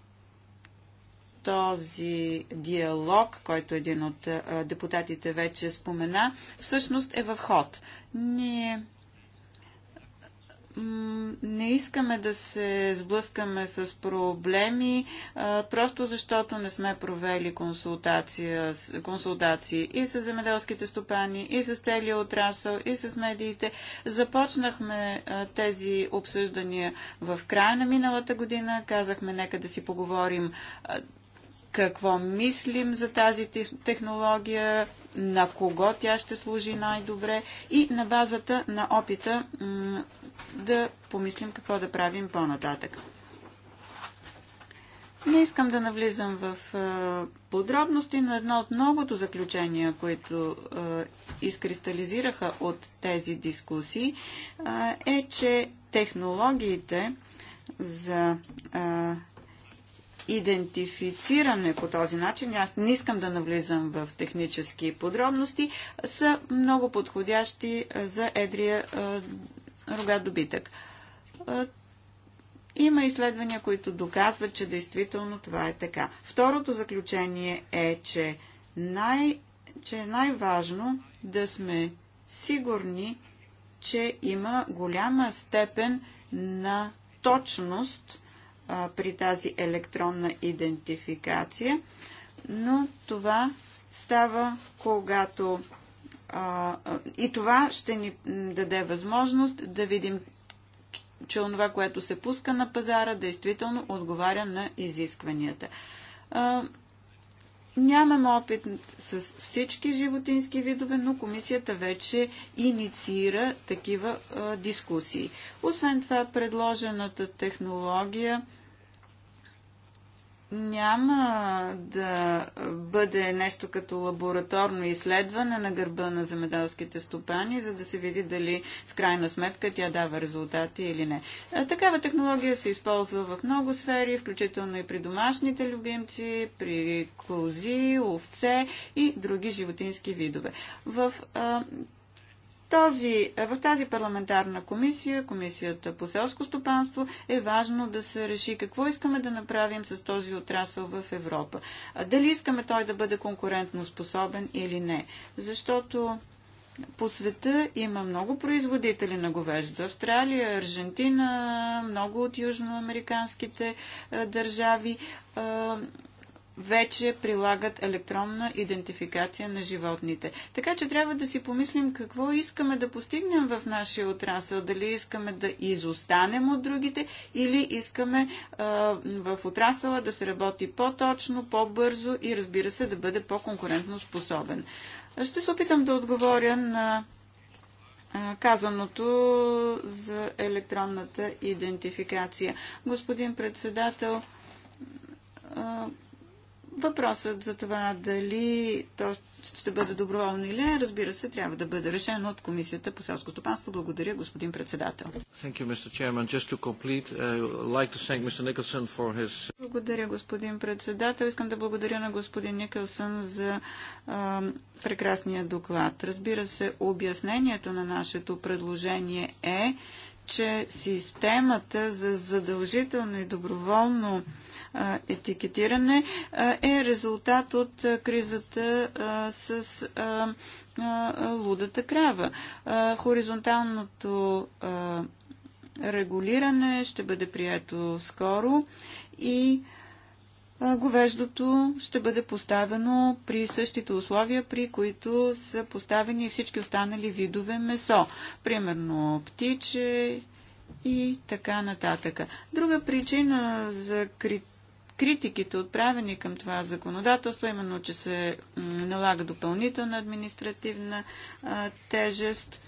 този диалог, който един от депутатите вече спомена, всъщност е в ход. Ние не искаме да се сблъскаме с проблеми, просто защото не сме провели консултации и с земеделските стопани, и с целия отрасъл, и с медиите. Започнахме тези обсъждания в края на миналата година. Казахме, нека да си поговорим какво мислим за тази технология, на кого тя ще служи най-добре и на базата на опита да помислим какво да правим по-нататък. Не искам да навлизам в подробности, но едно от многото заключения, които изкристализираха от тези дискусии, е, че технологиите за идентифициране по този начин, аз не искам да навлизам в технически подробности, са много подходящи за едрия рогат добитък. Има изследвания, които доказват, че действително това е така. Второто заключение е, че, най, че е най-важно да сме сигурни, че има голяма степен на точност а, при тази електронна идентификация, но това става когато а, и това ще ни даде възможност да видим, че онова, което се пуска на пазара, действително отговаря на изискванията. А, Нямаме опит с всички животински видове, но комисията вече инициира такива а, дискусии. Освен това, предложената технология няма да бъде нещо като лабораторно изследване на гърба на земеделските стопани, за да се види дали в крайна сметка тя дава резултати или не. Е, такава технология се използва в много сфери, включително и при домашните любимци, при кози, овце и други животински видове. В този, в тази парламентарна комисия, комисията по селско стопанство, е важно да се реши какво искаме да направим с този отрасъл в Европа. Дали искаме той да бъде конкурентно способен или не. Защото по света има много производители на говеждо. Австралия, Аржентина, много от южноамериканските държави вече прилагат електронна идентификация на животните. Така че трябва да си помислим какво искаме да постигнем в нашия отрасъл. Дали искаме да изостанем от другите или искаме а, в отрасъла да се работи по-точно, по-бързо и разбира се да бъде по-конкурентно способен. Ще се опитам да отговоря на казаното за електронната идентификация. Господин председател, Въпросът за това дали то ще бъде доброволно или не, разбира се, трябва да бъде решено от Комисията по селско стопанство. Благодаря, господин председател. Благодаря, господин председател. Искам да благодаря на господин Никълсън за прекрасния доклад. Разбира се, обяснението на нашето предложение е, че системата за задължително и доброволно етикетиране е резултат от кризата с лудата крава. Хоризонталното регулиране ще бъде прието скоро и говеждото ще бъде поставено при същите условия, при които са поставени всички останали видове месо. Примерно птиче и така нататък. Друга причина за критика критиките, отправени към това законодателство, именно, че се налага допълнителна административна а, тежест,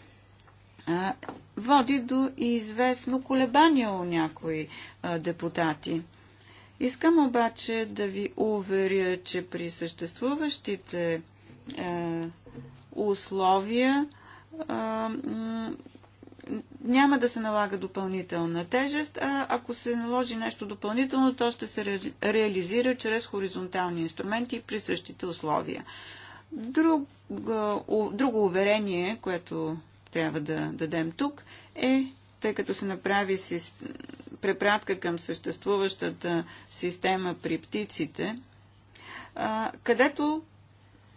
а, води до известно колебание у някои а, депутати. Искам обаче да ви уверя, че при съществуващите условия няма да се налага допълнителна тежест, а ако се наложи нещо допълнително, то ще се реализира чрез хоризонтални инструменти при същите условия. Друг, друго уверение, което трябва да дадем тук, е, тъй като се направи препратка към съществуващата система при птиците, където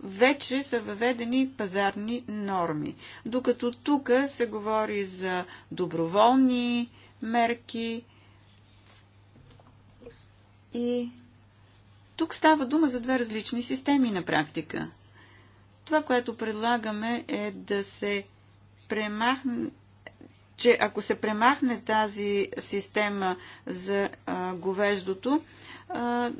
вече са въведени пазарни норми. Докато тук се говори за доброволни мерки и тук става дума за две различни системи на практика. Това, което предлагаме е да се премахне, че ако се премахне тази система за а, говеждото, а,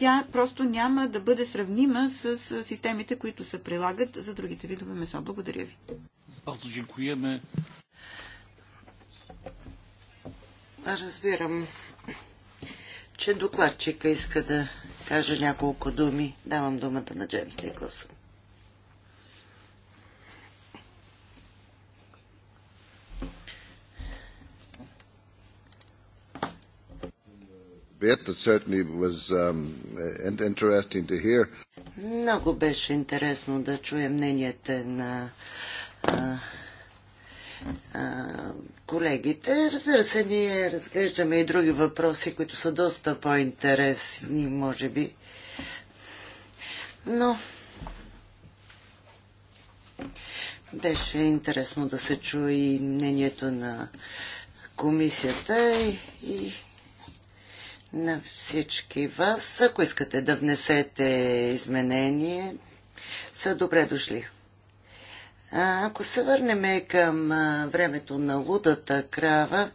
тя просто няма да бъде сравнима с системите, които се прилагат за другите видове месо. Благодаря ви. Разбирам, че докладчика иска да каже няколко думи. Давам думата на Джеймс Никласън. bit certainly was um, interesting to hear. Много беше интересно да чуем мненията на а, а, колегите. Разбира се, ние разглеждаме и други въпроси, които са доста по-интересни, може би. Но беше интересно да се чуе и мнението на комисията и, и на всички вас. Ако искате да внесете изменение, са добре дошли. Ако се върнем към времето на лудата крава,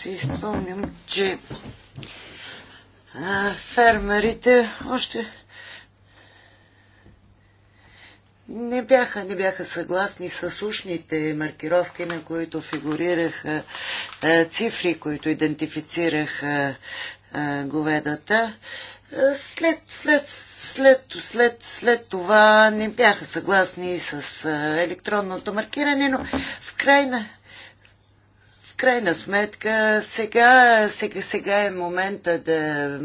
си спомням, че фермерите още не бяха, не бяха съгласни с ушните маркировки, на които фигурираха цифри, които идентифицираха говедата. След, след, след, след, след това не бяха съгласни с електронното маркиране, но в крайна, в крайна сметка сега, сега, сега е момента да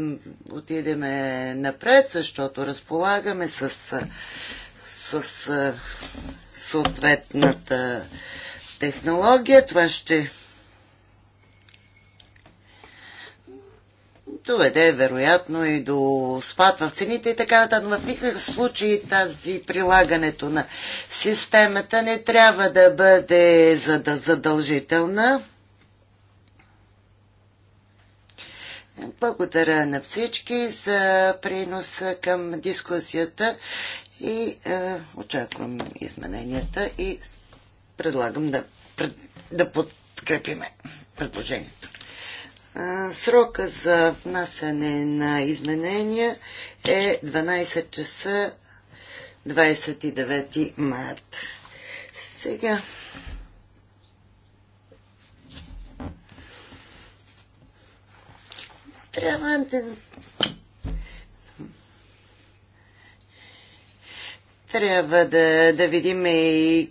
отидеме напред, защото разполагаме с с съответната технология. Това ще доведе вероятно и до спад в цените и така нататък. Но в никакъв случай тази прилагането на системата не трябва да бъде задължителна. Благодаря на всички за приноса към дискусията и е, очаквам измененията и предлагам да, пред, да подкрепиме предложението. Е, срока за внасяне на изменения е 12 часа 29 март. Сега. Трябва да Трябва да, да видим и,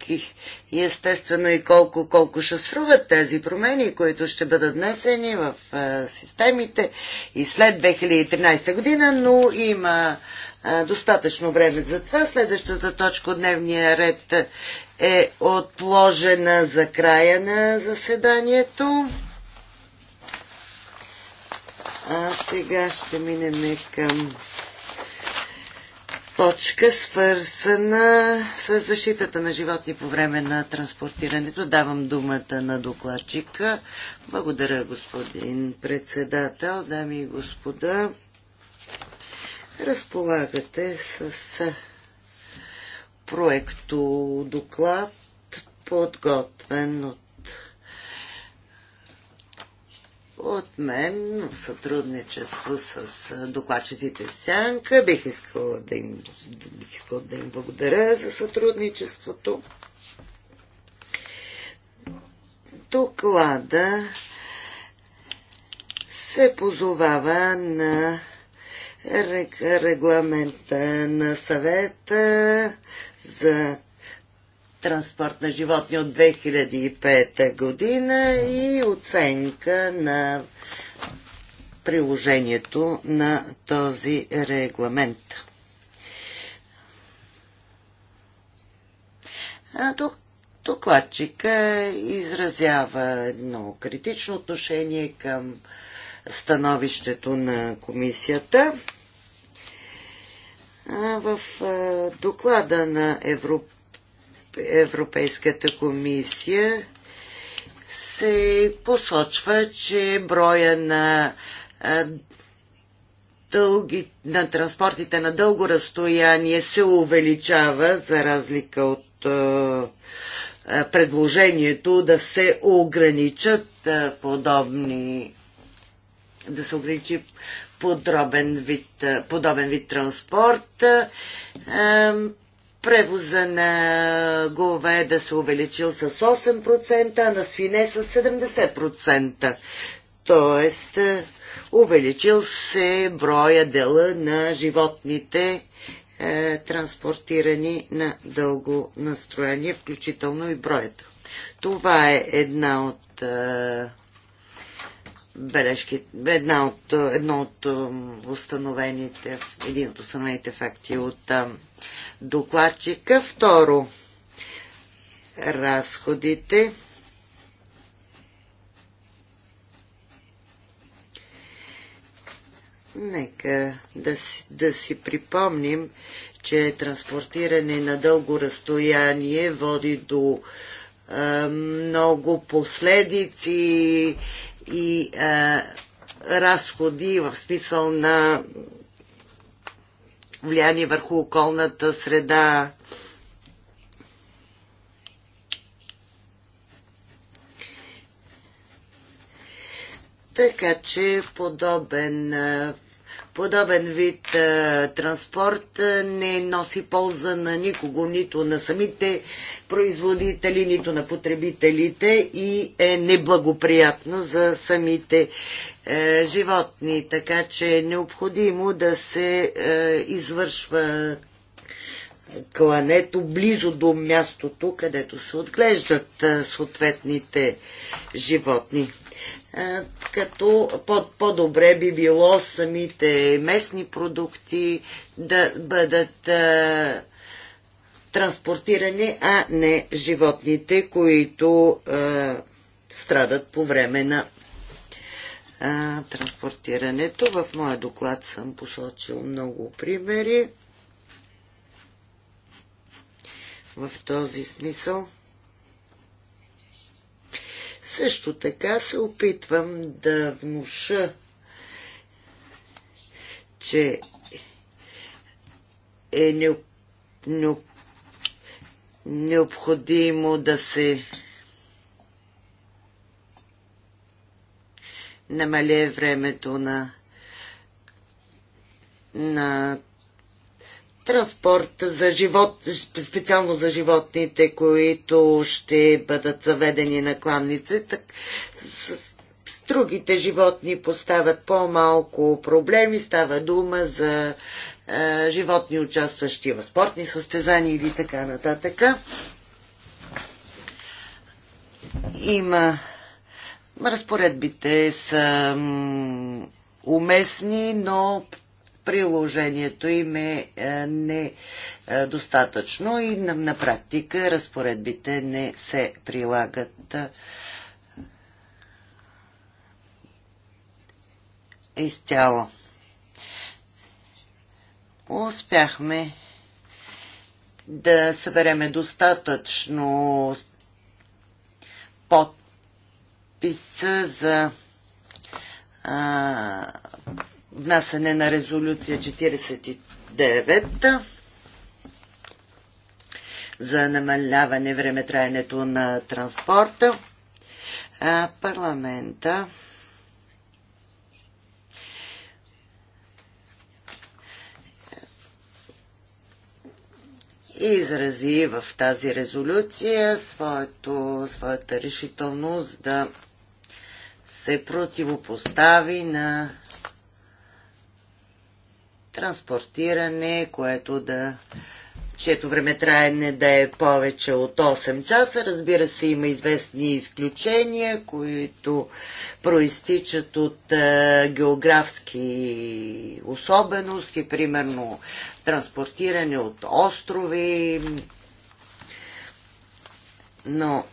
и естествено и колко, колко ще струват тези промени, които ще бъдат внесени в а, системите и след 2013 година, но има а, достатъчно време за това. Следващата точка от дневния ред е отложена за края на заседанието. А сега ще минем към точка, свързана с защитата на животни по време на транспортирането. Давам думата на докладчика. Благодаря, господин председател, дами и господа. Разполагате с проекто доклад, подготвен от От мен, в сътрудничество с докладчиците в Сянка, бих искала да им, бих искала да им благодаря за сътрудничеството. Доклада се позовава на регламента на съвета за транспорт на животни от 2005 година и оценка на приложението на този регламент. Докладчика изразява едно критично отношение към становището на комисията. В доклада на Европа Европейската комисия се посочва, че броя на дълги, на транспортите на дълго разстояние се увеличава за разлика от предложението да се ограничат подобни да се ограничи подробен вид, подобен вид транспорт. Превоза на говеда се увеличил с 8%, а на свине с 70%. Тоест, е, увеличил се броя дела на животните, е, транспортирани на дълго настроение, включително и броята. Това е една от е, бележки, една от, едно от установените, един от установените факти от е, докладчика. Второ, разходите. Нека да си, да си припомним, че транспортиране на дълго разстояние води до е, много последици и е, разходи в смисъл на влияние върху околната среда. Така че подобен подобен вид а, транспорт не носи полза на никого, нито на самите производители, нито на потребителите и е неблагоприятно за самите е, животни. Така че е необходимо да се е, извършва клането близо до мястото, където се отглеждат е, съответните животни като по-добре -по би било самите местни продукти да бъдат а, транспортирани, а не животните, които а, страдат по време на а, транспортирането. В моя доклад съм посочил много примери в този смисъл. Също така се опитвам да внуша, че е необходимо необходимо да се намалее времето на на транспорт за живот, специално за животните, които ще бъдат заведени на кламници. Так, с, с другите животни поставят по-малко проблеми. Става дума за е, животни, участващи в спортни състезания или така нататък. Има разпоредбите са уместни, но приложението им е, е недостатъчно е, и на, на практика разпоредбите не се прилагат. изцяло. Успяхме да събереме достатъчно подписа за а, внасене на резолюция 49 за намаляване времетраенето на транспорта. А, парламента изрази в тази резолюция своето, своята решителност да се противопостави на транспортиране, което да чието време траене да е повече от 8 часа. Разбира се, има известни изключения, които проистичат от е, географски особености, примерно транспортиране от острови. Но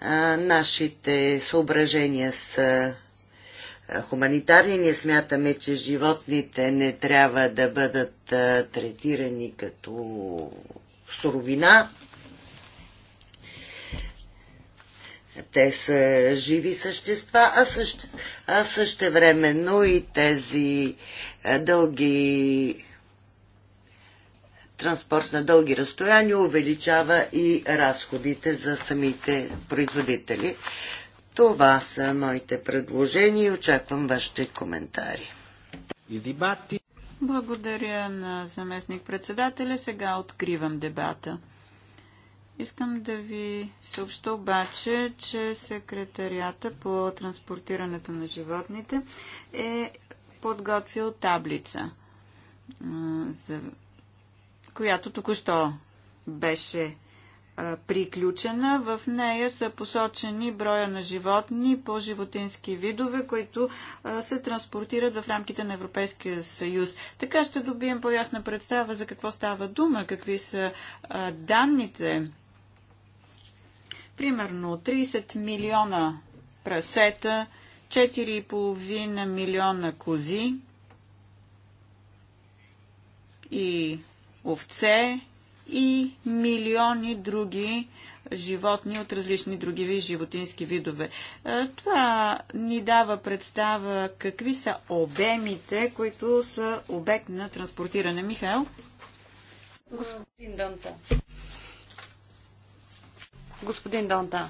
а, нашите съображения са хуманитарни. Ние смятаме, че животните не трябва да бъдат третирани като суровина. Те са живи същества, а, също, а но и тези дълги транспорт на дълги разстояния увеличава и разходите за самите производители. Това са моите предложения и очаквам вашите коментари. И дебати. Благодаря на заместник председателя. Сега откривам дебата. Искам да ви съобща обаче, че секретарията по транспортирането на животните е подготвил таблица, която току-що беше приключена. В нея са посочени броя на животни по животински видове, които се транспортират в рамките на Европейския съюз. Така ще добием по-ясна представа за какво става дума, какви са данните. Примерно 30 милиона прасета, 4,5 милиона кози и овце, и милиони други животни от различни други животински видове. Е, това ни дава представа какви са обемите, които са обект на транспортиране. Михаил? Господин Донта. Господин Донта.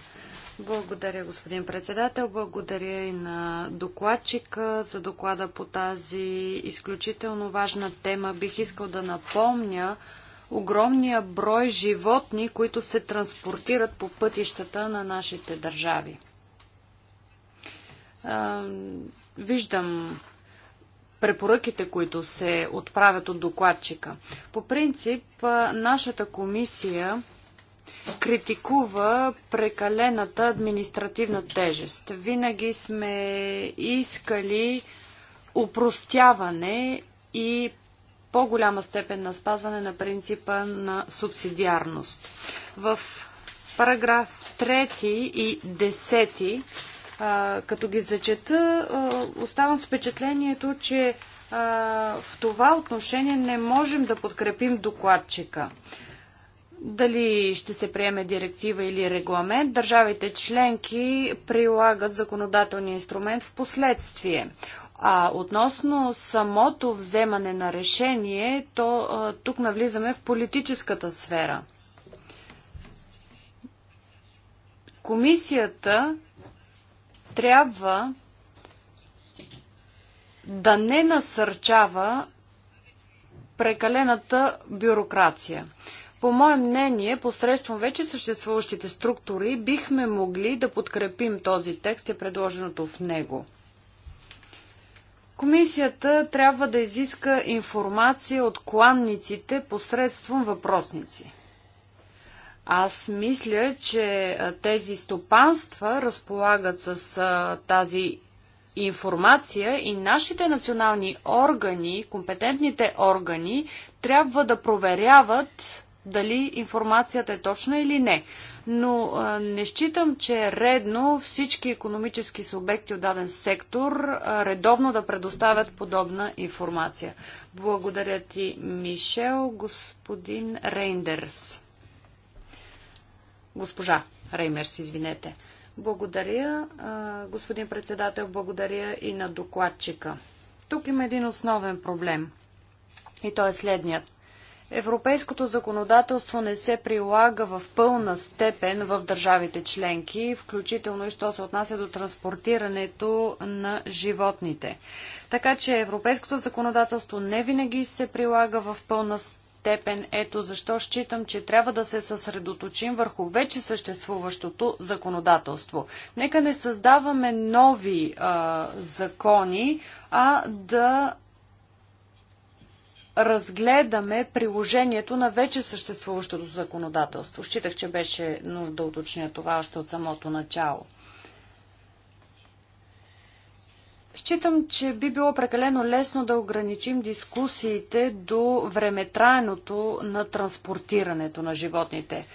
Благодаря, господин председател. Благодаря и на докладчика за доклада по тази изключително важна тема. Бих искал да напомня, огромния брой животни, които се транспортират по пътищата на нашите държави. Виждам препоръките, които се отправят от докладчика. По принцип, нашата комисия критикува прекалената административна тежест. Винаги сме искали упростяване и по-голяма степен на спазване на принципа на субсидиарност. В параграф 3 и 10 като ги зачета, оставам с впечатлението, че в това отношение не можем да подкрепим докладчика. Дали ще се приеме директива или регламент, държавите членки прилагат законодателния инструмент в последствие. А относно самото вземане на решение, то а, тук навлизаме в политическата сфера. Комисията трябва да не насърчава прекалената бюрокрация. По мое мнение, посредством вече съществуващите структури, бихме могли да подкрепим този текст и е предложеното в него – Комисията трябва да изиска информация от кланниците посредством въпросници. Аз мисля, че тези стопанства разполагат с тази информация и нашите национални органи, компетентните органи, трябва да проверяват дали информацията е точна или не. Но а, не считам, че е редно всички економически субекти от даден сектор а, редовно да предоставят подобна информация. Благодаря ти, Мишел, господин Рейндерс. Госпожа Реймерс, извинете. Благодаря, а, господин председател, благодаря и на докладчика. Тук има един основен проблем. И то е следният Европейското законодателство не се прилага в пълна степен в държавите членки, включително и що се отнася до транспортирането на животните. Така че европейското законодателство не винаги се прилага в пълна степен. Ето защо считам, че трябва да се съсредоточим върху вече съществуващото законодателство. Нека не създаваме нови а, закони, а да разгледаме приложението на вече съществуващото законодателство. Считах, че беше нужда да уточня това още от самото начало. Считам, че би било прекалено лесно да ограничим дискусиите до времетраеното на транспортирането на животните.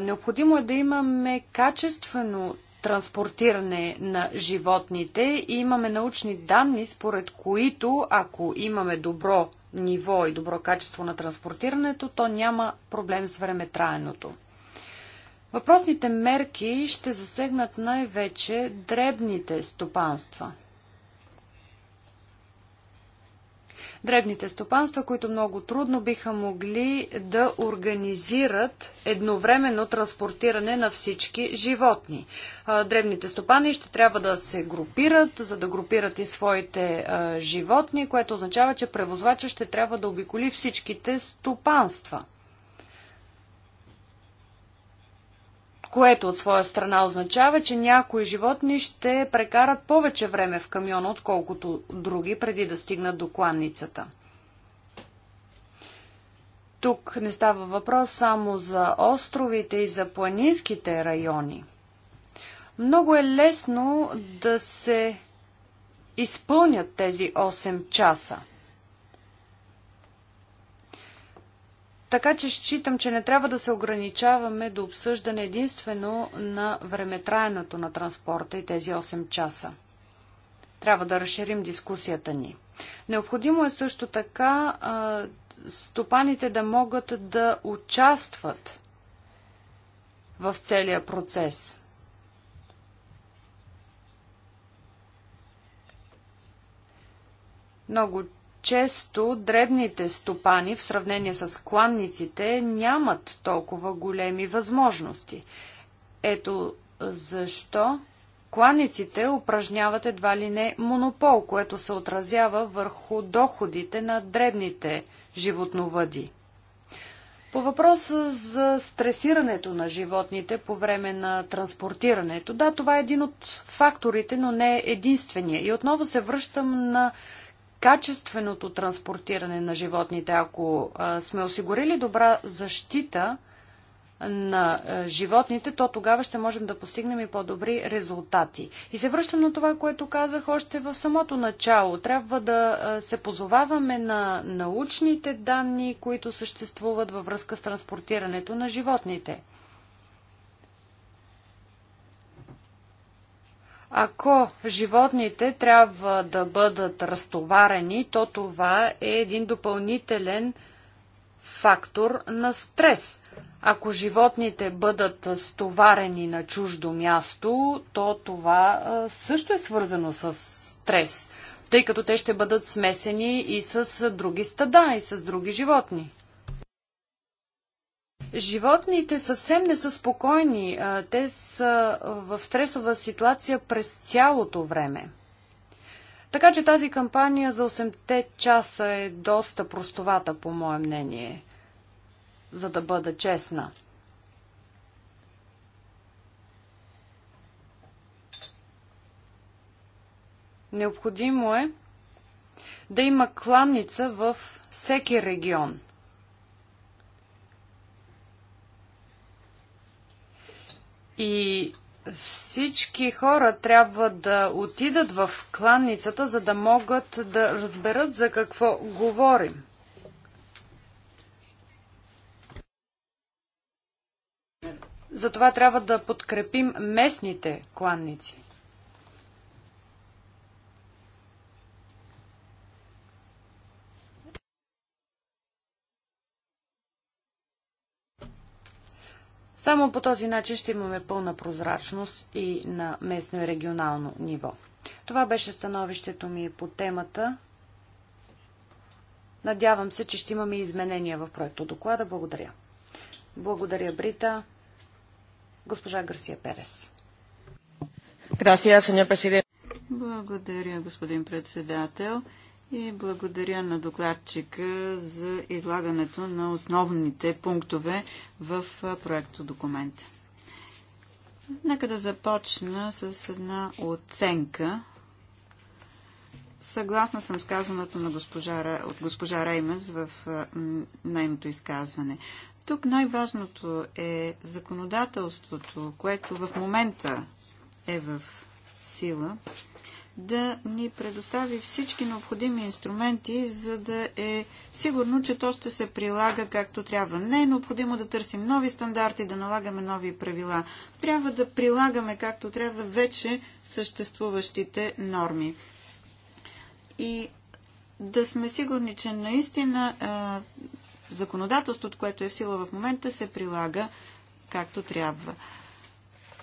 Необходимо е да имаме качествено транспортиране на животните и имаме научни данни, според които ако имаме добро ниво и добро качество на транспортирането, то няма проблем с времетраеното. Въпросните мерки ще засегнат най-вече дребните стопанства – дребните стопанства, които много трудно биха могли да организират едновременно транспортиране на всички животни. Дребните стопани ще трябва да се групират, за да групират и своите животни, което означава, че превозвача ще трябва да обиколи всичките стопанства. което от своя страна означава, че някои животни ще прекарат повече време в камиона, отколкото други, преди да стигнат до кланницата. Тук не става въпрос само за островите и за планинските райони. Много е лесно да се изпълнят тези 8 часа – Така че считам, че не трябва да се ограничаваме до обсъждане единствено на времетраенето на транспорта и тези 8 часа. Трябва да разширим дискусията ни. Необходимо е също така стопаните да могат да участват в целия процес. Много често дребните стопани в сравнение с кланниците нямат толкова големи възможности. Ето защо кланниците упражняват едва ли не монопол, което се отразява върху доходите на дребните животновъди. По въпроса за стресирането на животните по време на транспортирането, да, това е един от факторите, но не е единствения. И отново се връщам на качественото транспортиране на животните, ако сме осигурили добра защита на животните, то тогава ще можем да постигнем и по-добри резултати. И се връщам на това, което казах още в самото начало. Трябва да се позоваваме на научните данни, които съществуват във връзка с транспортирането на животните. Ако животните трябва да бъдат разтоварени, то това е един допълнителен фактор на стрес. Ако животните бъдат стоварени на чуждо място, то това също е свързано с стрес, тъй като те ще бъдат смесени и с други стада, и с други животни. Животните съвсем не са спокойни. Те са в стресова ситуация през цялото време. Така че тази кампания за 8-те часа е доста простовата, по мое мнение, за да бъда честна. Необходимо е да има кланница в всеки регион – И всички хора трябва да отидат в кланницата, за да могат да разберат за какво говорим. Затова трябва да подкрепим местните кланници. Само по този начин ще имаме пълна прозрачност и на местно и регионално ниво. Това беше становището ми по темата. Надявам се, че ще имаме изменения в проекто доклада. Благодаря. Благодаря, Брита. Госпожа Гарсия Перес. Благодаря, господин председател. И благодаря на докладчика за излагането на основните пунктове в проекто документа. Нека да започна с една оценка. Съгласна съм с казаното на госпожа, от госпожа Реймес в нейното изказване. Тук най-важното е законодателството, което в момента е в сила – да ни предостави всички необходими инструменти, за да е сигурно, че то ще се прилага както трябва. Не е необходимо да търсим нови стандарти, да налагаме нови правила. Трябва да прилагаме както трябва вече съществуващите норми. И да сме сигурни, че наистина законодателството, което е в сила в момента, се прилага както трябва.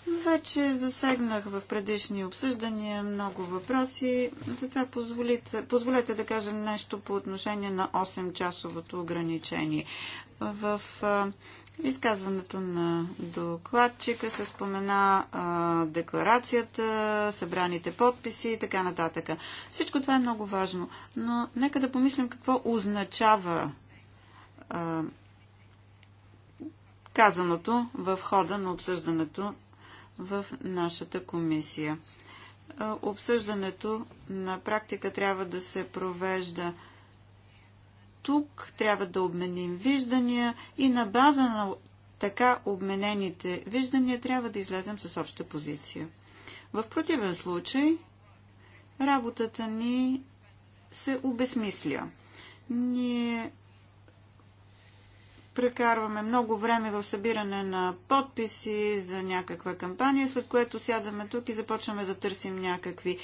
Вече засегнах в предишни обсъждания много въпроси, затова позволите, позволете да кажа нещо по отношение на 8-часовото ограничение. В изказването на докладчика се спомена а, декларацията, събраните подписи и така нататък. Всичко това е много важно, но нека да помислим какво означава а, казаното в хода на обсъждането в нашата комисия. Обсъждането на практика трябва да се провежда тук, трябва да обменим виждания и на база на така обменените виждания трябва да излезем с обща позиция. В противен случай работата ни се обесмисля. Ние прекарваме много време в събиране на подписи за някаква кампания, след което сядаме тук и започваме да търсим някакви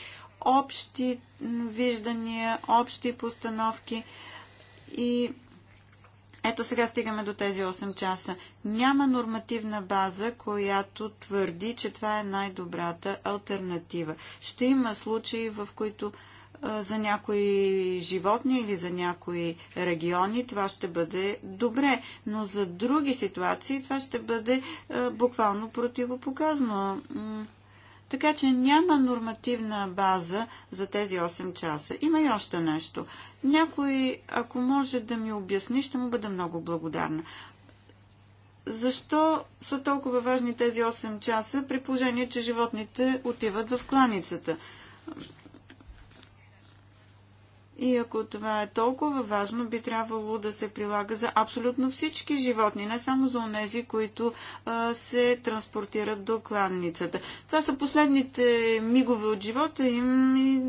общи виждания, общи постановки и ето сега стигаме до тези 8 часа. Няма нормативна база, която твърди, че това е най-добрата альтернатива. Ще има случаи, в които за някои животни или за някои региони това ще бъде добре, но за други ситуации това ще бъде буквално противопоказано. Така че няма нормативна база за тези 8 часа. Има и още нещо. Някой, ако може да ми обясни, ще му бъда много благодарна. Защо са толкова важни тези 8 часа, при положение, че животните отиват в кланицата? И ако това е толкова важно, би трябвало да се прилага за абсолютно всички животни, не само за онези, които а, се транспортират до кладницата. Това са последните мигове от живота им и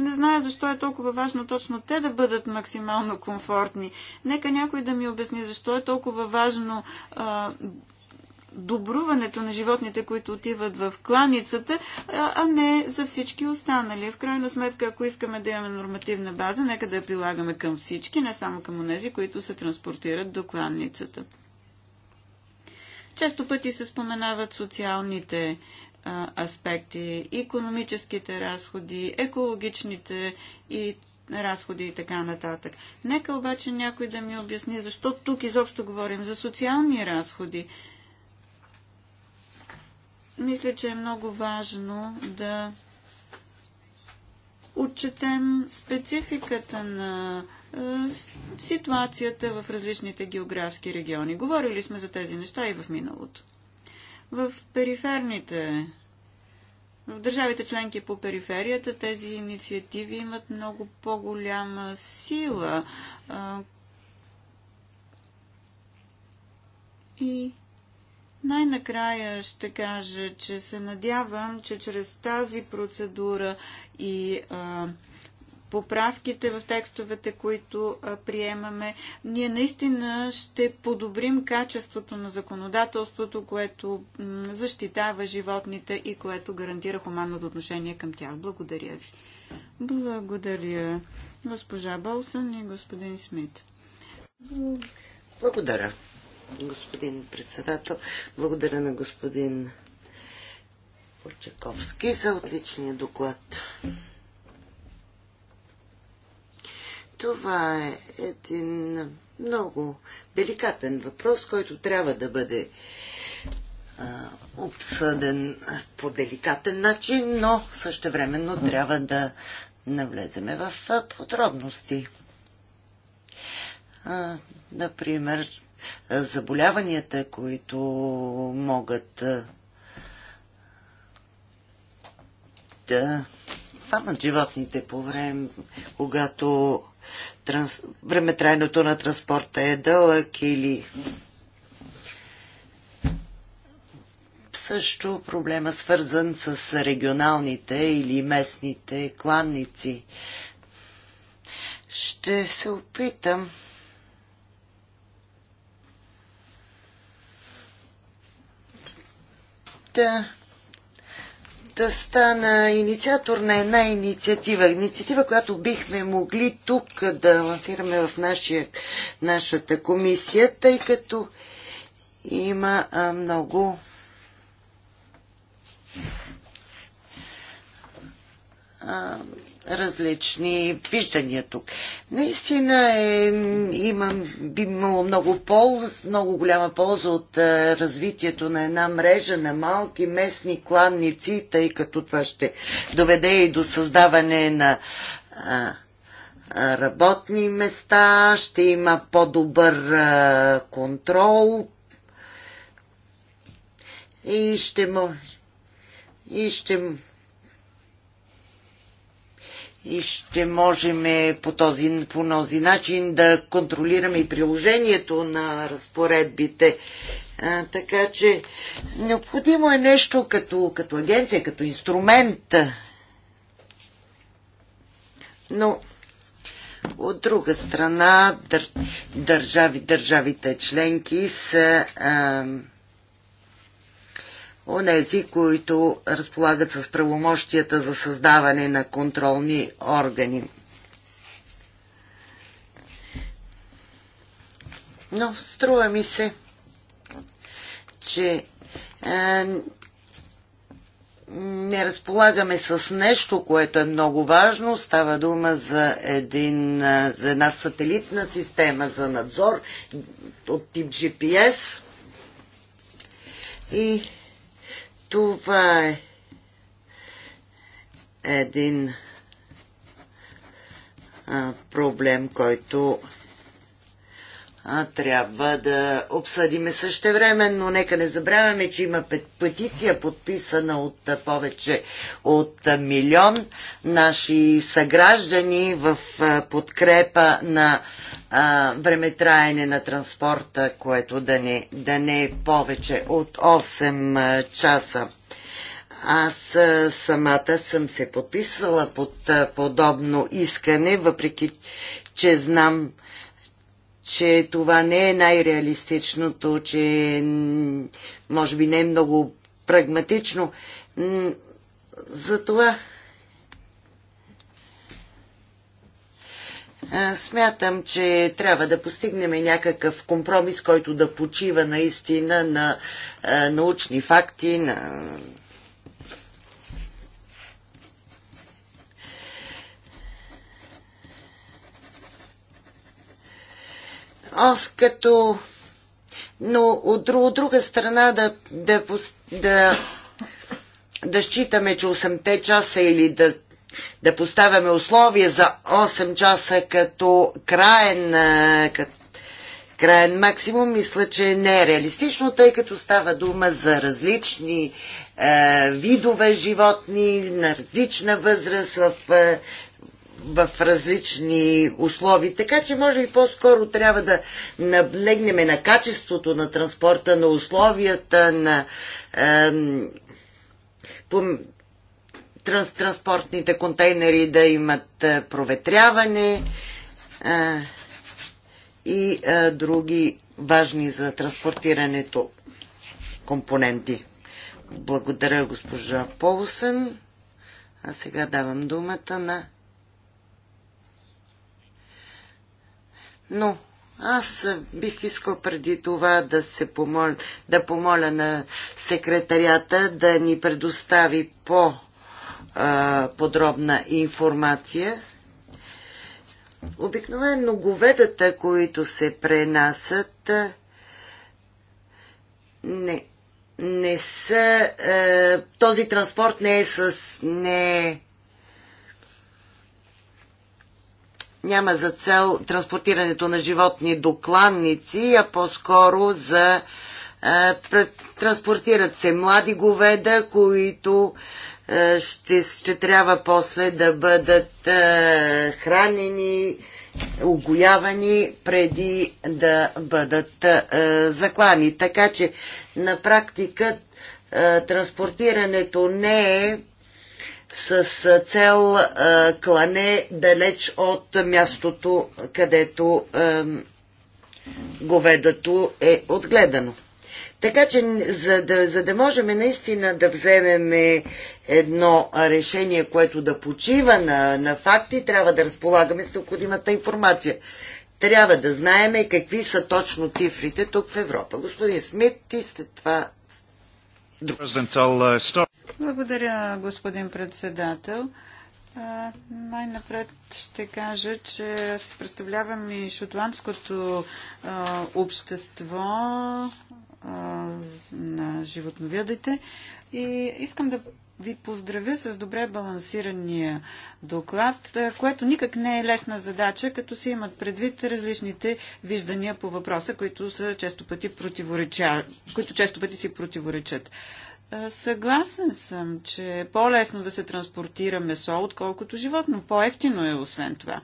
не зная защо е толкова важно точно те да бъдат максимално комфортни. Нека някой да ми обясни защо е толкова важно а, добруването на животните, които отиват в кланицата, а не за всички останали. В крайна сметка, ако искаме да имаме нормативна база, нека да я прилагаме към всички, не само към онези, които се транспортират до кланницата. Често пъти се споменават социалните а, аспекти, економическите разходи, екологичните и разходи и така нататък. Нека обаче някой да ми обясни защо тук изобщо говорим за социални разходи. Мисля, че е много важно да отчетем спецификата на е, ситуацията в различните географски региони. Говорили сме за тези неща и в миналото. В периферните, в държавите членки по периферията, тези инициативи имат много по-голяма сила. Е, и най-накрая ще кажа, че се надявам, че чрез тази процедура и а, поправките в текстовете, които а, приемаме, ние наистина ще подобрим качеството на законодателството, което защитава животните и което гарантира хуманното отношение към тях. Благодаря ви. Благодаря госпожа Болсън и господин Смит. Благодаря господин председател. Благодаря на господин Почаковски за отличния доклад. Това е един много деликатен въпрос, който трябва да бъде а, обсъден по деликатен начин, но същевременно трябва да навлеземе в подробности. А, например, заболяванията, които могат да фанат животните по време, когато транс... времетрайното на транспорта е дълъг или също проблема свързан с регионалните или местните кланници. Ще се опитам да, да стана инициатор на една инициатива. Инициатива, която бихме могли тук да лансираме в нашия, нашата комисия, тъй като има а, много а, различни виждания тук. Наистина е, има, би имало много полза, много голяма полза от а, развитието на една мрежа на малки местни кланници, тъй като това ще доведе и до създаване на а, работни места, ще има по-добър контрол и ще, и ще и ще можем е, по този, по този начин да контролираме и приложението на разпоредбите. А, така че необходимо е нещо като, като агенция, като инструмент. Но от друга страна дър, държави, държавите членки са. А, онези, които разполагат с правомощията за създаване на контролни органи. Но струва ми се, че е, не разполагаме с нещо, което е много важно. Става дума за, един, е, за една сателитна система за надзор от тип GPS. И това е един проблем, който трябва да обсъдиме но Нека не забравяме, че има петиция подписана от повече от милион наши съграждани в подкрепа на а, времетраене на транспорта, което да не, да не е повече от 8 часа. Аз самата съм се подписала под подобно искане, въпреки че знам, че това не е най-реалистичното, че може би не е много прагматично. Затова смятам, че трябва да постигнем някакъв компромис, който да почива наистина на научни факти, на Аз като... Но от, от друга страна да, да, да, да считаме, че 8 те часа или да, да поставяме условия за 8 часа като краен, като краен максимум, мисля, че не е реалистично, тъй като става дума за различни е, видове животни, на различна възраст, в е, в различни условия. Така че може и по-скоро трябва да наблегнем на качеството на транспорта, на условията, на е, по, транс, транспортните контейнери да имат е, проветряване е, и е, други важни за транспортирането компоненти. Благодаря, госпожа Полусен, А сега давам думата на Но аз бих искал преди това да, се помоля, да помоля на секретарията да ни предостави по-подробна информация. Обикновено говедата, които се пренасят, не, не са. Е, този транспорт не е с. Не, е няма за цел транспортирането на животни до кланници, а по-скоро за транспортират се млади говеда, които ще, ще трябва после да бъдат хранени, огоявани преди да бъдат заклани. Така че на практика транспортирането не е с цел клане далеч от мястото, където говедото е отгледано. Така че, за да, за да можем наистина да вземем едно решение, което да почива на, на факти, трябва да разполагаме с необходимата информация. Трябва да знаем какви са точно цифрите тук в Европа. Господин Смит, ти след това... Благодаря, господин председател. Най-напред ще кажа, че аз представлявам и шотландското а, общество а, на животновядите и искам да ви поздравя с добре балансирания доклад, което никак не е лесна задача, като се имат предвид различните виждания по въпроса, които са често пъти, които често пъти си противоречат. Съгласен съм, че е по-лесно да се транспортира месо, отколкото животно. По-ефтино е, освен това.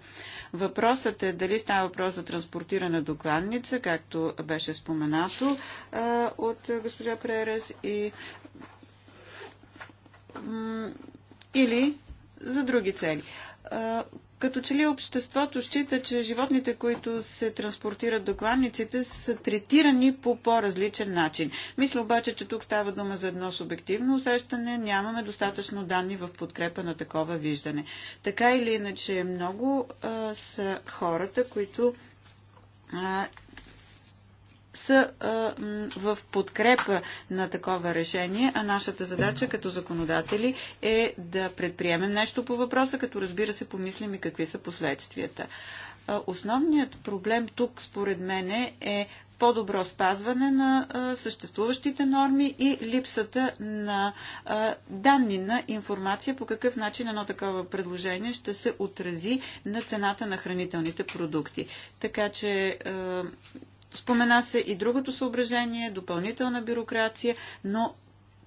Въпросът е дали става въпрос за транспортиране до кланница, както беше споменато от госпожа Пререс, и, или за други цели. Като че ли обществото счита, че животните, които се транспортират до кланиците, са третирани по по-различен начин. Мисля обаче, че тук става дума за едно субективно усещане. Нямаме достатъчно данни в подкрепа на такова виждане. Така или иначе, много а, са хората, които са в подкрепа на такова решение, а нашата задача като законодатели е да предприемем нещо по въпроса, като разбира се помислим и какви са последствията. Основният проблем тук, според мен, е по-добро спазване на съществуващите норми и липсата на данни, на информация по какъв начин едно такова предложение ще се отрази на цената на хранителните продукти. Така че Спомена се и другото съображение, допълнителна бюрокрация, но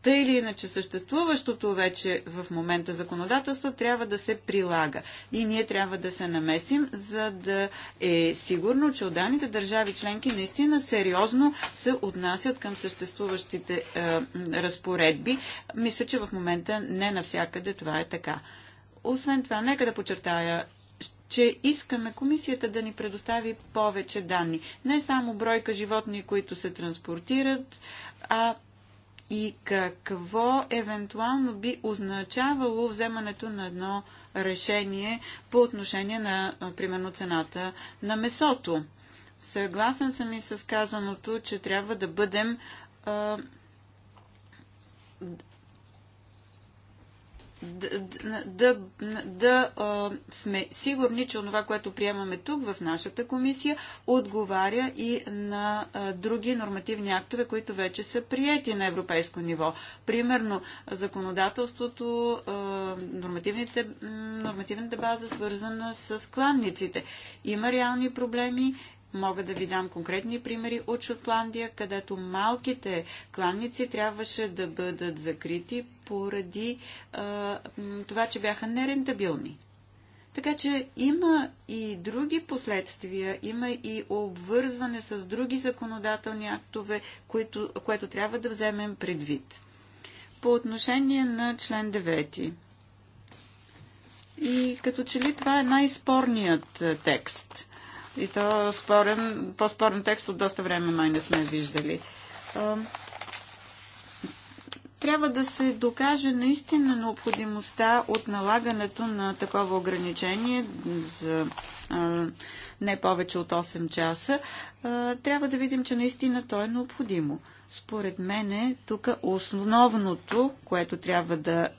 тъй или иначе съществуващото вече в момента законодателство трябва да се прилага. И ние трябва да се намесим, за да е сигурно, че отданите държави членки наистина сериозно се отнасят към съществуващите е, разпоредби. Мисля, че в момента не навсякъде това е така. Освен това, нека да подчертая че искаме комисията да ни предостави повече данни. Не само бройка животни, които се транспортират, а и какво евентуално би означавало вземането на едно решение по отношение на, примерно, цената на месото. Съгласен съм и с казаното, че трябва да бъдем да, да, да а, сме сигурни, че онова, което приемаме тук в нашата комисия, отговаря и на а, други нормативни актове, които вече са приети на европейско ниво. Примерно, законодателството, а, нормативните, нормативната база, свързана с кланниците. Има реални проблеми Мога да ви дам конкретни примери от Шотландия, където малките кланници трябваше да бъдат закрити поради а, това, че бяха нерентабилни. Така че има и други последствия, има и обвързване с други законодателни актове, които, което трябва да вземем предвид. По отношение на член 9. И като че ли това е най-спорният текст. И то спорен, по-спорен текст от доста време май не сме виждали. Трябва да се докаже наистина необходимостта от налагането на такова ограничение за не повече от 8 часа. Трябва да видим, че наистина то е необходимо. Според мене, тук основното, което трябва да,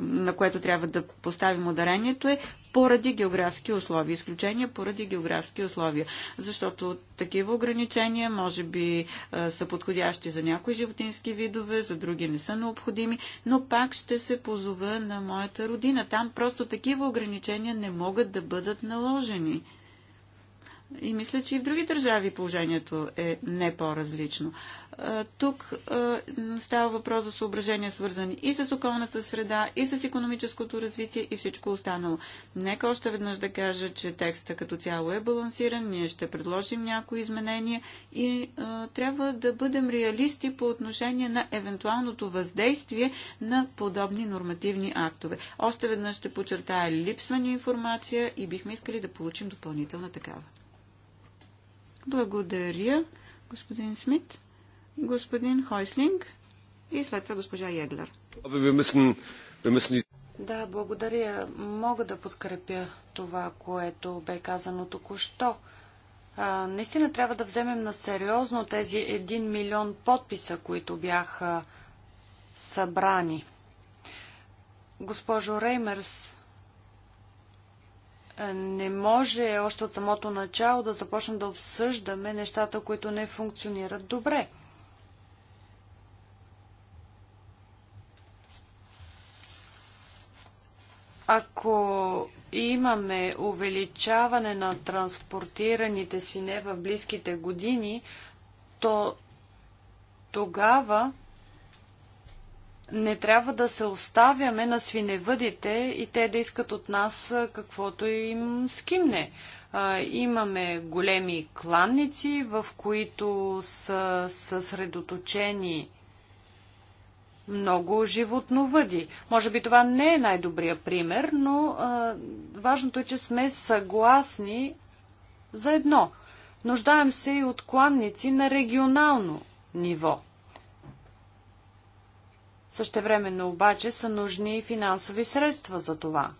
на което трябва да поставим ударението е поради географски условия. Изключения поради географски условия. Защото такива ограничения може би са подходящи за някои животински видове, за други не са необходими, но пак ще се позова на моята родина. Там просто такива ограничения не могат да бъдат наложени. И мисля, че и в други държави положението е не по-различно. Тук става въпрос за съображения, свързани и с околната среда, и с економическото развитие, и всичко останало. Нека още веднъж да кажа, че текста като цяло е балансиран, ние ще предложим някои изменения и трябва да бъдем реалисти по отношение на евентуалното въздействие на подобни нормативни актове. Още веднъж ще подчертая липсва информация и бихме искали да получим допълнителна такава. Благодаря, господин Смит, господин Хойслинг и след това госпожа Еглер. Да, благодаря. Мога да подкрепя това, което бе казано току-що. наистина трябва да вземем на сериозно тези 1 милион подписа, които бяха събрани. Госпожо Реймерс, не може още от самото начало да започнем да обсъждаме нещата, които не функционират добре. Ако имаме увеличаване на транспортираните свине в близките години, то тогава не трябва да се оставяме на свиневъдите и те да искат от нас каквото им скимне. Имаме големи кланници, в които са съсредоточени много животновъди. Може би това не е най-добрия пример, но важното е, че сме съгласни за едно. Нуждаем се и от кланници на регионално ниво. Същевременно обаче са нужни и финансови средства за това.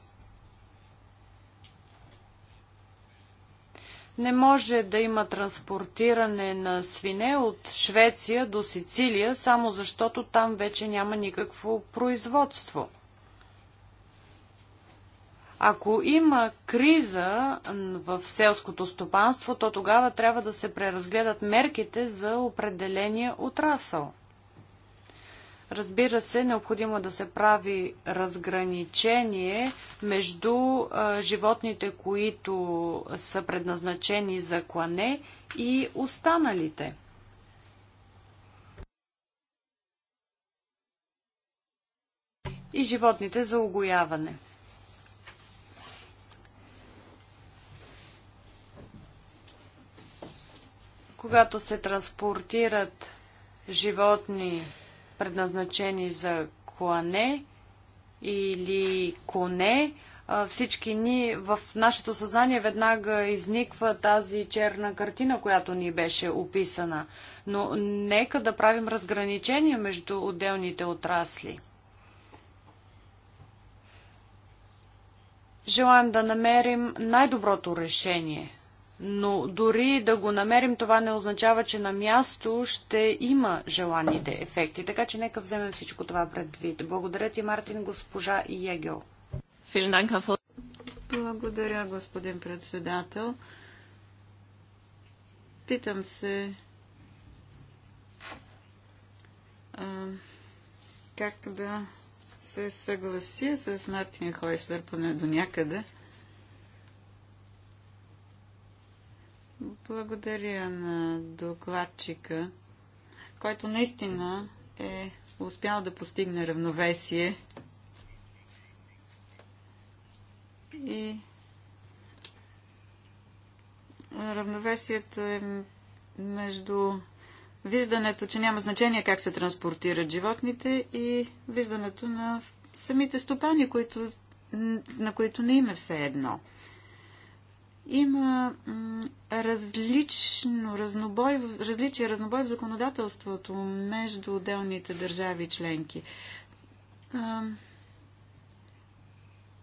Не може да има транспортиране на свине от Швеция до Сицилия, само защото там вече няма никакво производство. Ако има криза в селското стопанство, то тогава трябва да се преразгледат мерките за определения отрасъл. Разбира се, необходимо е да се прави разграничение между животните, които са предназначени за клане и останалите. И животните за огояване. Когато се транспортират животни предназначени за клане или коне, всички ни в нашето съзнание веднага изниква тази черна картина, която ни беше описана. Но нека да правим разграничения между отделните отрасли. Желаем да намерим най-доброто решение. Но дори да го намерим, това не означава, че на място ще има желаните ефекти. Така че нека вземем всичко това предвид. Благодаря ти, Мартин, госпожа Егел. Благодаря, господин председател. Питам се а, как да се съгласи с Мартин Хойслер поне до някъде – Благодаря на докладчика, който наистина е успял да постигне равновесие и равновесието е между виждането, че няма значение как се транспортират животните и виждането на самите стопани, които, на които не им е все едно – има различно разнобой, различие разнобой в законодателството между отделните държави и членки.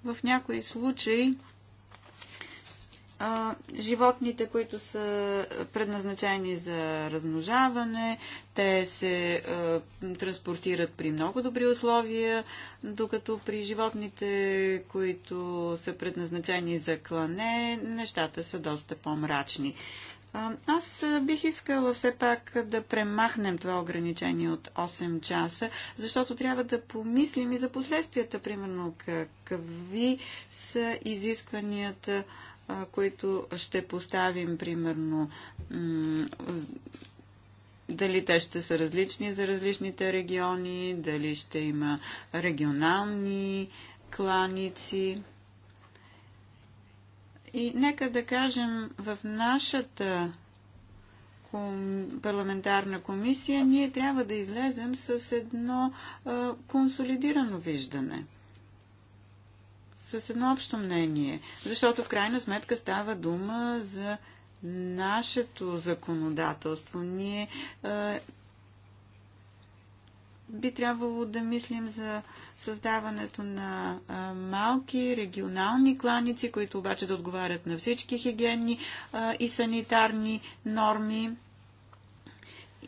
В някои случаи а, животните, които са предназначени за размножаване, те се а, транспортират при много добри условия, докато при животните, които са предназначени за клане, нещата са доста по-мрачни. Аз бих искала все пак да премахнем това ограничение от 8 часа, защото трябва да помислим и за последствията, примерно какви са изискванията които ще поставим, примерно, дали те ще са различни за различните региони, дали ще има регионални кланици. И нека да кажем, в нашата парламентарна комисия ние трябва да излезем с едно консолидирано виждане – с едно общо мнение, защото в крайна сметка става дума за нашето законодателство. Ние а, би трябвало да мислим за създаването на а, малки регионални кланици, които обаче да отговарят на всички хигиенни а, и санитарни норми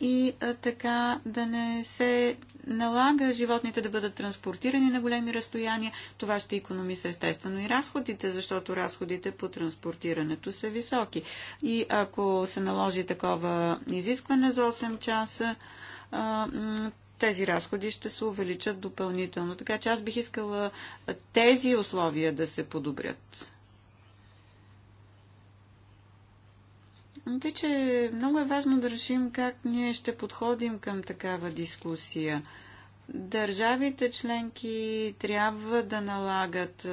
и така да не се налага животните да бъдат транспортирани на големи разстояния. Това ще економиса естествено и разходите, защото разходите по транспортирането са високи. И ако се наложи такова изискване за 8 часа, тези разходи ще се увеличат допълнително. Така че аз бих искала тези условия да се подобрят. Тъй, че много е важно да решим как ние ще подходим към такава дискусия. Държавите членки трябва да налагат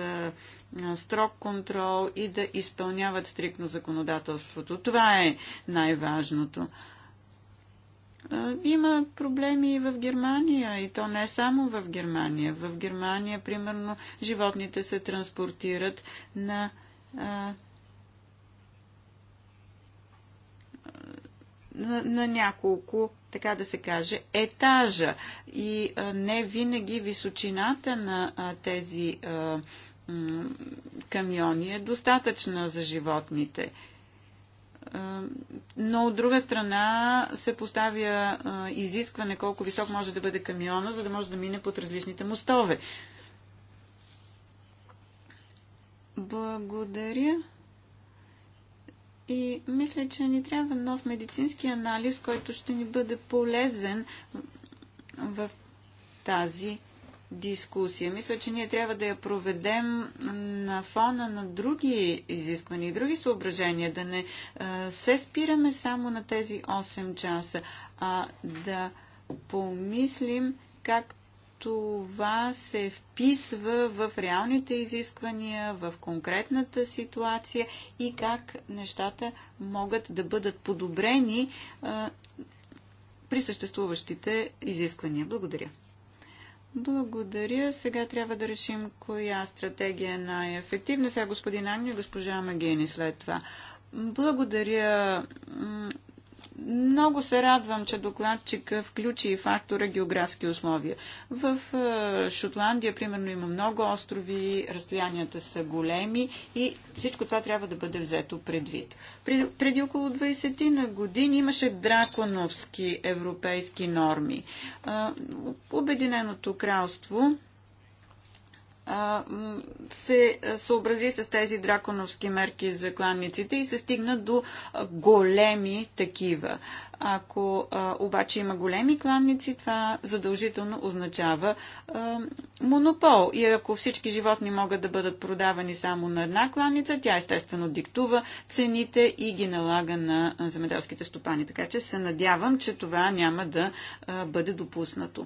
строг контрол и да изпълняват стрикно законодателството. Това е най-важното. Има проблеми и в Германия, и то не само в Германия. В Германия, примерно, животните се транспортират на на, на няколко, така да се каже, етажа. И а, не винаги височината на а, тези а, камиони е достатъчна за животните. Но от друга страна се поставя изискване колко висок може да бъде камиона, за да може да мине под различните мостове. Благодаря. И мисля, че ни трябва нов медицински анализ, който ще ни бъде полезен в тази дискусия. Мисля, че ние трябва да я проведем на фона на други изисквания и други съображения, да не се спираме само на тези 8 часа, а да помислим как това се вписва в реалните изисквания, в конкретната ситуация и как нещата могат да бъдат подобрени а, при съществуващите изисквания. Благодаря. Благодаря. Сега трябва да решим коя стратегия е най-ефективна. Сега господин Ангел, госпожа Магени след това. Благодаря. Много се радвам, че докладчика включи и фактора географски условия. В е, Шотландия, примерно, има много острови, разстоянията са големи и всичко това трябва да бъде взето предвид. Преди, преди около 20 на години имаше драконовски европейски норми. Е, Обединеното кралство се съобрази с тези драконовски мерки за кланниците и се стигна до големи такива. Ако обаче има големи кланници, това задължително означава монопол. И ако всички животни могат да бъдат продавани само на една кланница, тя естествено диктува цените и ги налага на земеделските стопани. Така че се надявам, че това няма да бъде допуснато.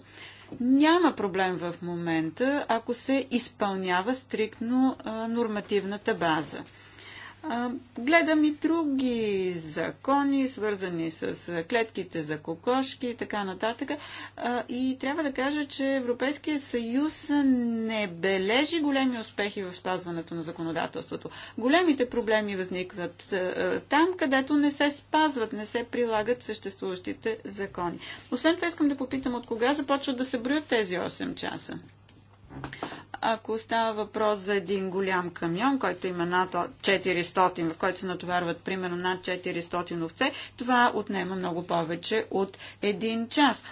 Няма проблем в момента, ако се изпълнява стриктно нормативната база. Гледам и други закони, свързани с клетките за кокошки и така нататък. И трябва да кажа, че Европейския съюз не бележи големи успехи в спазването на законодателството. Големите проблеми възникват там, където не се спазват, не се прилагат съществуващите закони. Освен това искам да попитам от кога започват да се броят тези 8 часа. Ако става въпрос за един голям камион, който има над 400, в който се натоварват примерно над 400 овце, това отнема много повече от един час.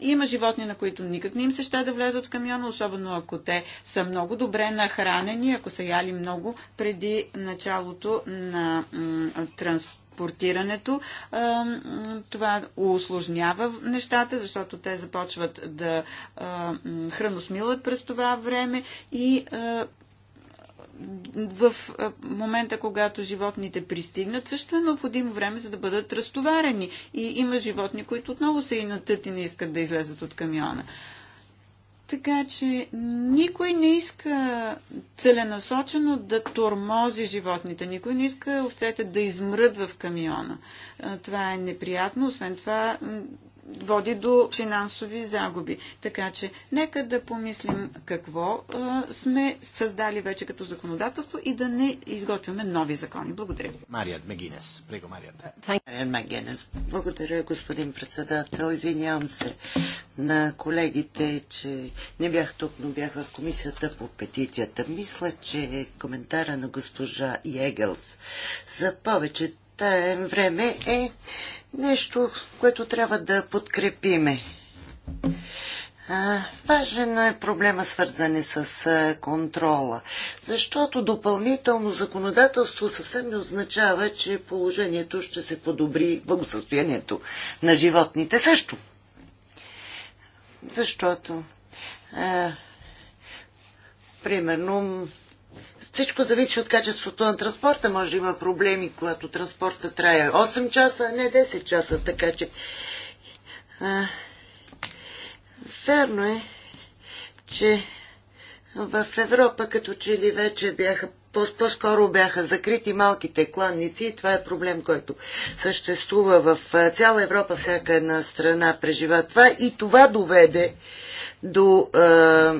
Има животни, на които никак не им се ще да влезат в камиона, особено ако те са много добре нахранени, ако са яли много преди началото на транспорта транспортирането. Това усложнява нещата, защото те започват да храносмилат през това време и в момента, когато животните пристигнат, също е необходимо време, за да бъдат разтоварени. И има животни, които отново са и натътени и искат да излезат от камиона. Така че никой не иска целенасочено да тормози животните. Никой не иска овцете да измръдва в камиона. Това е неприятно. Освен това, води до финансови загуби. Така че нека да помислим какво а, сме създали вече като законодателство и да не изготвяме нови закони. Благодаря. Марият Мегинес. Прего Марият. Мегинес. Благодаря, господин председател. Извинявам се на колегите, че не бях тук, но бях в комисията по петицията. Мисля, че коментара на госпожа Егелс за повечето време е нещо, което трябва да подкрепиме. Важен е проблема свързане с контрола, защото допълнително законодателство съвсем не означава, че положението ще се подобри, благосъстоянието на животните също. Защото, а, примерно, всичко зависи от качеството на транспорта. Може да има проблеми, когато транспорта трае 8 часа, а не 10 часа. Така че... А, верно е, че в Европа като че ли вече бяха по-скоро бяха закрити малките кланници и това е проблем, който съществува в цяла Европа, всяка една страна прежива това и това доведе до а,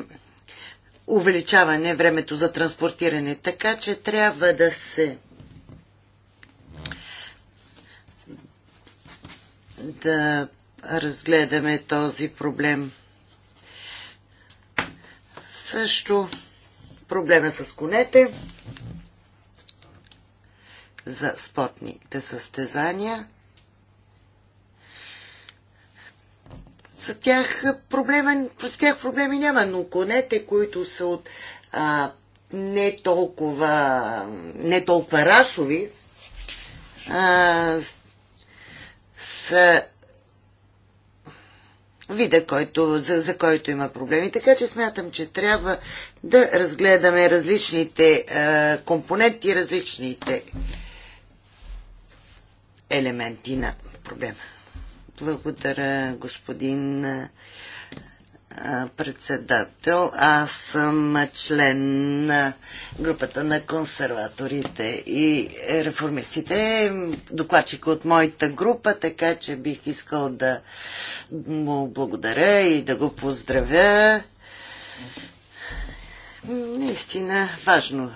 увеличаване времето за транспортиране. Така че трябва да се да разгледаме този проблем. Също проблема с конете за спортните състезания. За тях проблема, с тях проблеми няма, но конете, които са от а, не, толкова, не толкова расови, а, са вида, който, за, за който има проблеми. Така че смятам, че трябва да разгледаме различните а, компоненти, различните елементи на проблема. Благодаря, господин председател. Аз съм член на групата на консерваторите и реформистите, докладчик от моята група, така че бих искал да му благодаря и да го поздравя. Наистина важно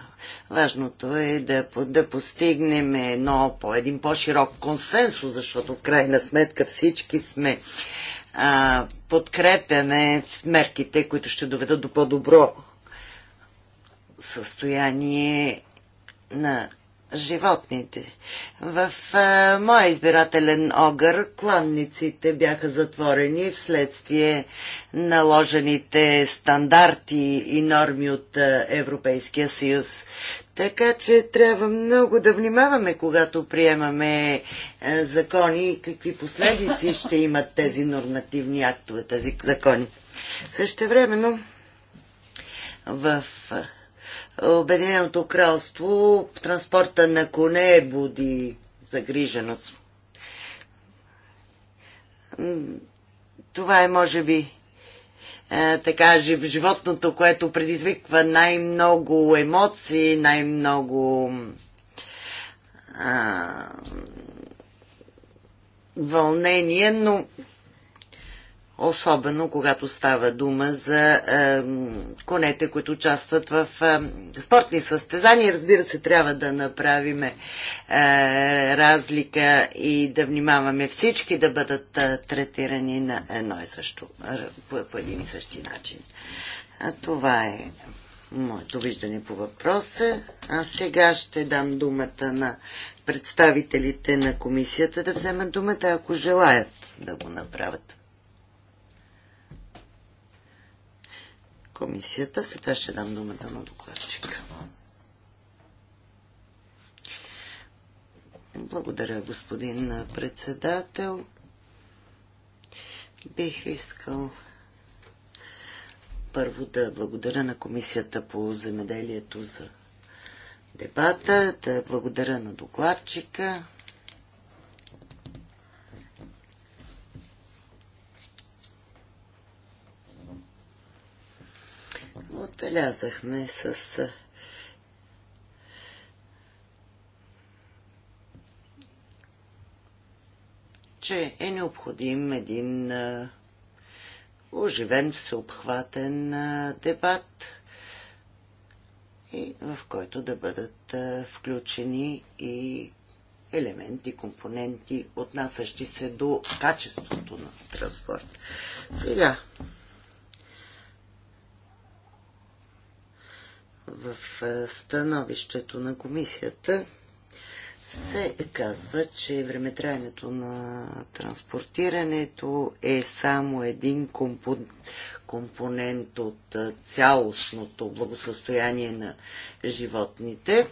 Важното е да, да постигнем едно, по, един по-широк консенсус, защото в крайна сметка всички сме а, подкрепяме мерките, които ще доведат до по-добро състояние на животните. В а, моя избирателен огър кланниците бяха затворени вследствие наложените стандарти и норми от а, Европейския съюз. Така че трябва много да внимаваме, когато приемаме а, закони и какви последици ще имат тези нормативни актове, тези закони. Също времено в а, Обединеното кралство транспорта на коне е буди загриженост. Това е, може би, е, така, животното, което предизвиква най-много емоции, най-много вълнение, но особено когато става дума за е, конете, които участват в е, спортни състезания. Разбира се, трябва да направиме е, разлика и да внимаваме всички да бъдат е, третирани на едно и също, по, по един и същи начин. А това е моето виждане по въпроса. А сега ще дам думата на представителите на комисията да вземат думата, ако желаят да го направят. комисията. След това ще дам думата на докладчика. Благодаря, господин председател. Бих искал първо да благодаря на Комисията по земеделието за дебата, да благодаря на докладчика отбелязахме с че е необходим един оживен, всеобхватен дебат, и в който да бъдат включени и елементи, компоненти, отнасящи се до качеството на транспорт. Сега в е, становището на комисията се казва, че времетраенето на транспортирането е само един компонент от е, цялостното благосъстояние на животните.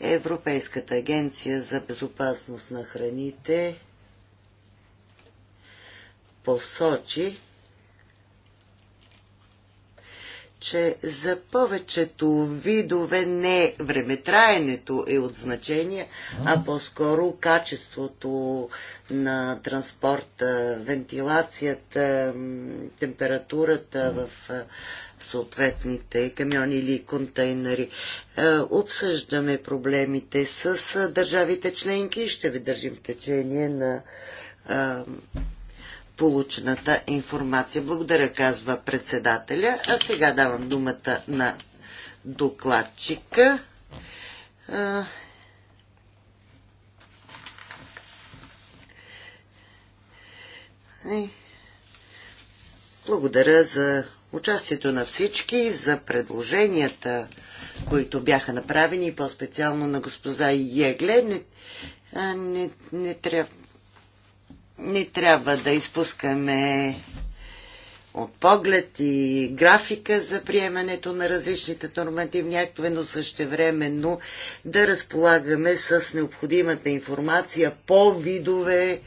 Европейската агенция за безопасност на храните посочи, че за повечето видове не времетраенето е от значение, а по-скоро качеството на транспорта, вентилацията, температурата в съответните камиони или контейнери. Е, обсъждаме проблемите с държавите членки и ще ви държим в течение на получената информация. Благодаря, казва председателя. А сега давам думата на докладчика. Благодаря за участието на всички, за предложенията, които бяха направени, и по-специално на госпоза Егле. Не, не, не трябва не трябва да изпускаме от поглед и графика за приемането на различните нормативни актове, но същевременно да разполагаме с необходимата информация по видове,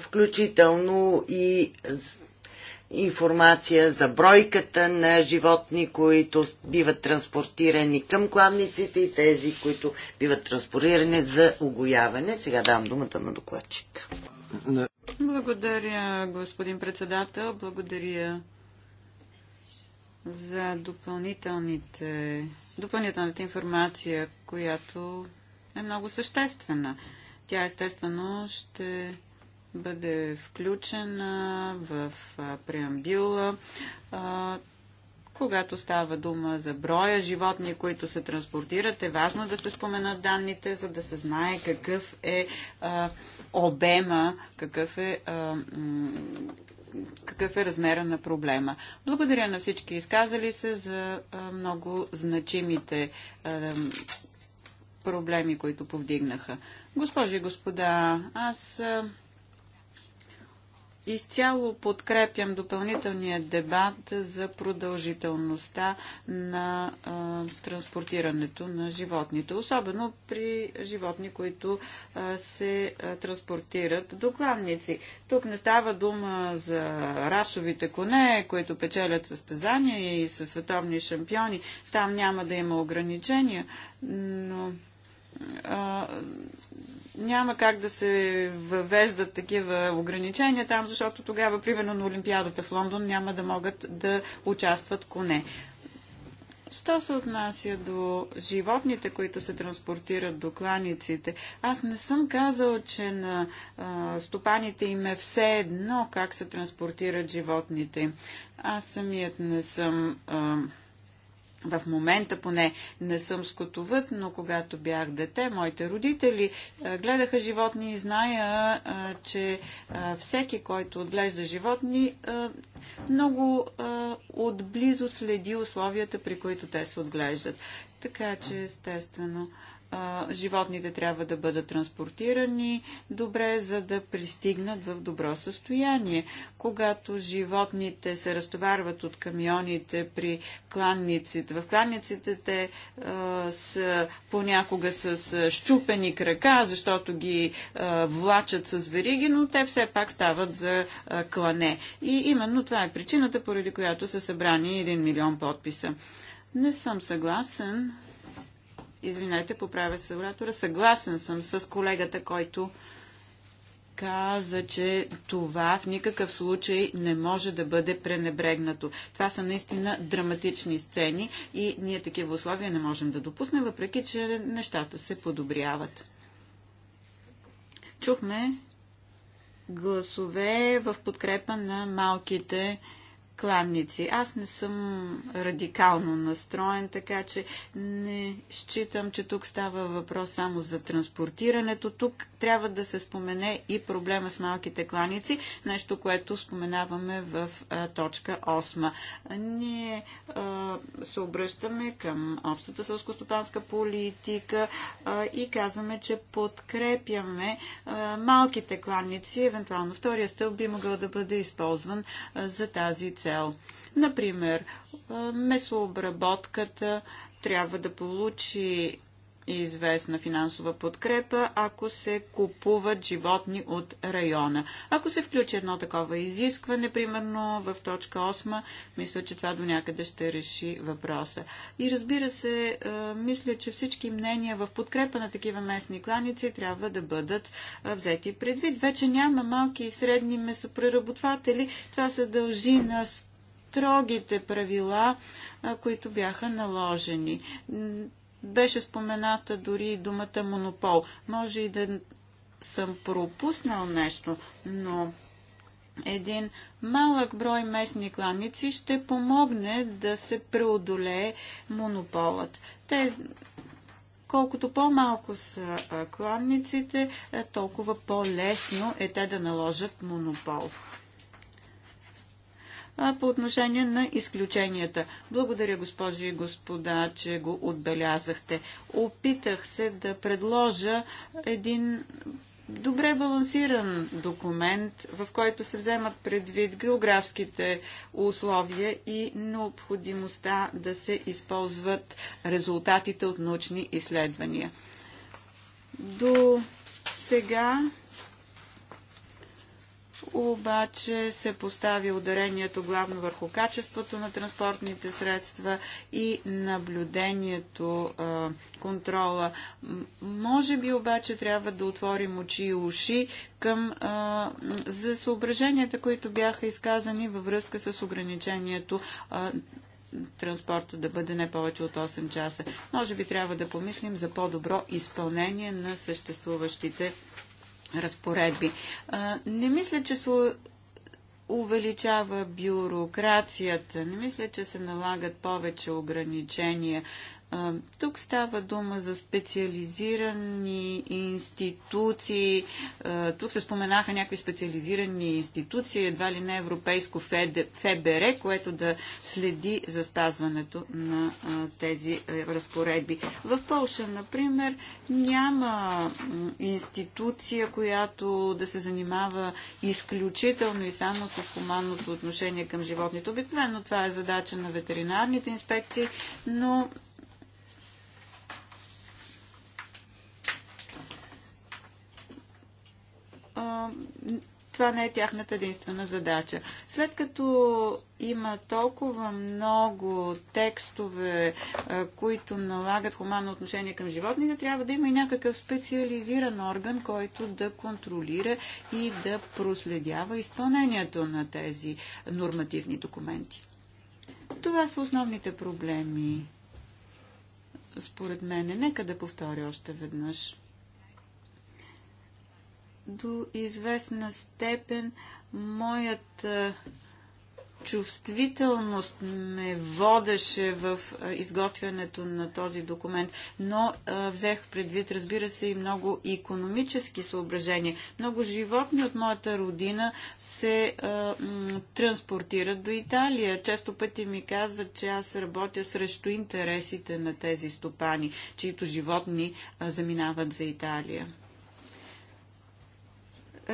включително и информация за бройката на животни, които биват транспортирани към кладниците и тези, които биват транспортирани за огояване. Сега давам думата на докладчик. Благодаря, господин председател. Благодаря за допълнителните, допълнителната информация, която е много съществена. Тя естествено ще бъде включена в преамбюла, когато става дума за броя животни, които се транспортират, е важно да се споменат данните, за да се знае какъв е а, обема, какъв е, а, какъв е размера на проблема. Благодаря на всички изказали се за а, много значимите а, проблеми, които повдигнаха. Госпожи и господа, аз. А, Изцяло подкрепям допълнителния дебат за продължителността на а, транспортирането на животните, особено при животни, които а, се а, транспортират до кладници. Тук не става дума за расовите коне, които печелят състезания и са световни шампиони. Там няма да има ограничения, но няма как да се въвеждат такива ограничения там, защото тогава, примерно на Олимпиадата в Лондон, няма да могат да участват коне. Що се отнася до животните, които се транспортират до кланиците, аз не съм казал, че на а, стопаните им е все едно как се транспортират животните. Аз самият не съм. А, в момента поне не съм скотовът, но когато бях дете, моите родители гледаха животни и зная, че всеки, който отглежда животни, много отблизо следи условията, при които те се отглеждат. Така че, естествено, а, животните трябва да бъдат транспортирани добре, за да пристигнат в добро състояние. Когато животните се разтоварват от камионите при кланниците, в кланниците те а, са понякога с щупени крака, защото ги а, влачат с вериги, но те все пак стават за а, клане. И именно това е причината, поради която са събрани 1 милион подписа. Не съм съгласен Извинете, поправя се оратора. Съгласен съм с колегата, който каза, че това в никакъв случай не може да бъде пренебрегнато. Това са наистина драматични сцени и ние такива условия не можем да допуснем, въпреки че нещата се подобряват. Чухме гласове в подкрепа на малките кланници. Аз не съм радикално настроен, така че не считам, че тук става въпрос само за транспортирането. Тук трябва да се спомене и проблема с малките кланици, нещо, което споменаваме в а, точка 8. Ние а, се обръщаме към общата сълскостопанска политика а, и казваме, че подкрепяме малките кланици. Евентуално втория стълб би могъл да бъде използван за тази цел цел. Например, месообработката трябва да получи известна финансова подкрепа, ако се купуват животни от района. Ако се включи едно такова изискване, примерно в точка 8, мисля, че това до някъде ще реши въпроса. И разбира се, мисля, че всички мнения в подкрепа на такива местни кланици трябва да бъдат взети предвид. Вече няма малки и средни месопреработватели. Това се дължи на строгите правила, които бяха наложени. Беше спомената дори думата монопол. Може и да съм пропуснал нещо, но един малък брой местни кланици ще помогне да се преодолее монополът. Те, колкото по-малко са кланниците, толкова по-лесно е те да наложат монопол а, по отношение на изключенията. Благодаря, госпожи и господа, че го отбелязахте. Опитах се да предложа един добре балансиран документ, в който се вземат предвид географските условия и необходимостта да се използват резултатите от научни изследвания. До сега обаче се постави ударението главно върху качеството на транспортните средства и наблюдението, контрола. Може би обаче трябва да отворим очи и уши към за съображенията, които бяха изказани във връзка с ограничението транспорта да бъде не повече от 8 часа. Може би трябва да помислим за по-добро изпълнение на съществуващите разпоредби. Не мисля, че се увеличава бюрокрацията, не мисля, че се налагат повече ограничения тук става дума за специализирани институции. Тук се споменаха някакви специализирани институции, едва ли не европейско ФБР, което да следи за спазването на тези разпоредби. В Польша, например, няма институция, която да се занимава изключително и само с хуманното отношение към животните. Обикновено това е задача на ветеринарните инспекции, но това не е тяхната единствена задача. След като има толкова много текстове, които налагат хуманно отношение към животните, трябва да има и някакъв специализиран орган, който да контролира и да проследява изпълнението на тези нормативни документи. Това са основните проблеми. Според мен, нека да повторя още веднъж до известна степен моята чувствителност ме водеше в изготвянето на този документ, но а, взех предвид, разбира се, и много економически съображения. Много животни от моята родина се а, транспортират до Италия. Често пъти ми казват, че аз работя срещу интересите на тези стопани, чието животни а, заминават за Италия.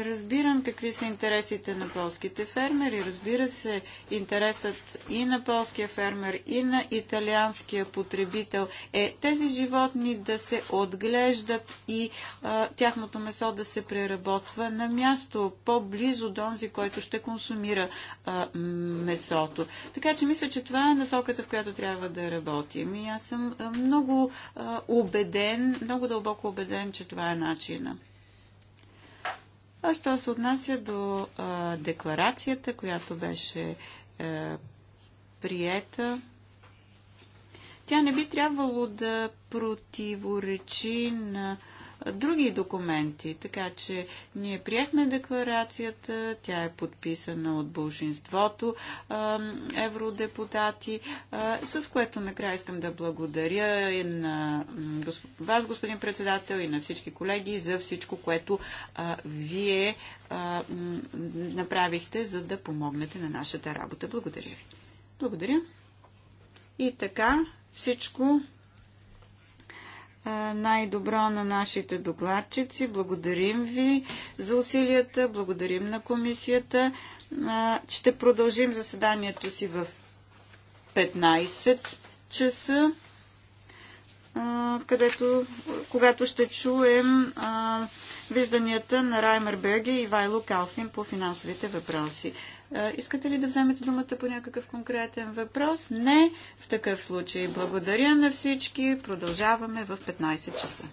Разбирам какви са интересите на полските фермери. Разбира се, интересът и на полския фермер, и на италианския потребител е тези животни да се отглеждат и а, тяхното месо да се преработва на място, по-близо до онзи, който ще консумира а, месото. Така че мисля, че това е насоката, в която трябва да работим. И аз съм много а, убеден, много дълбоко убеден, че това е начина. А що се отнася до а, декларацията, която беше а, е, приета, тя не би трябвало да противоречи на други документи. Така че ние приехме декларацията, тя е подписана от бължинството евродепутати, с което накрая искам да благодаря и на вас, господин председател, и на всички колеги за всичко, което вие направихте, за да помогнете на нашата работа. Благодаря ви. Благодаря. И така, всичко най-добро на нашите докладчици. Благодарим ви за усилията, благодарим на комисията. Ще продължим заседанието си в 15 часа, където, когато ще чуем вижданията на Раймер Берге и Вайло Калфин по финансовите въпроси. Искате ли да вземете думата по някакъв конкретен въпрос? Не. В такъв случай благодаря на всички. Продължаваме в 15 часа.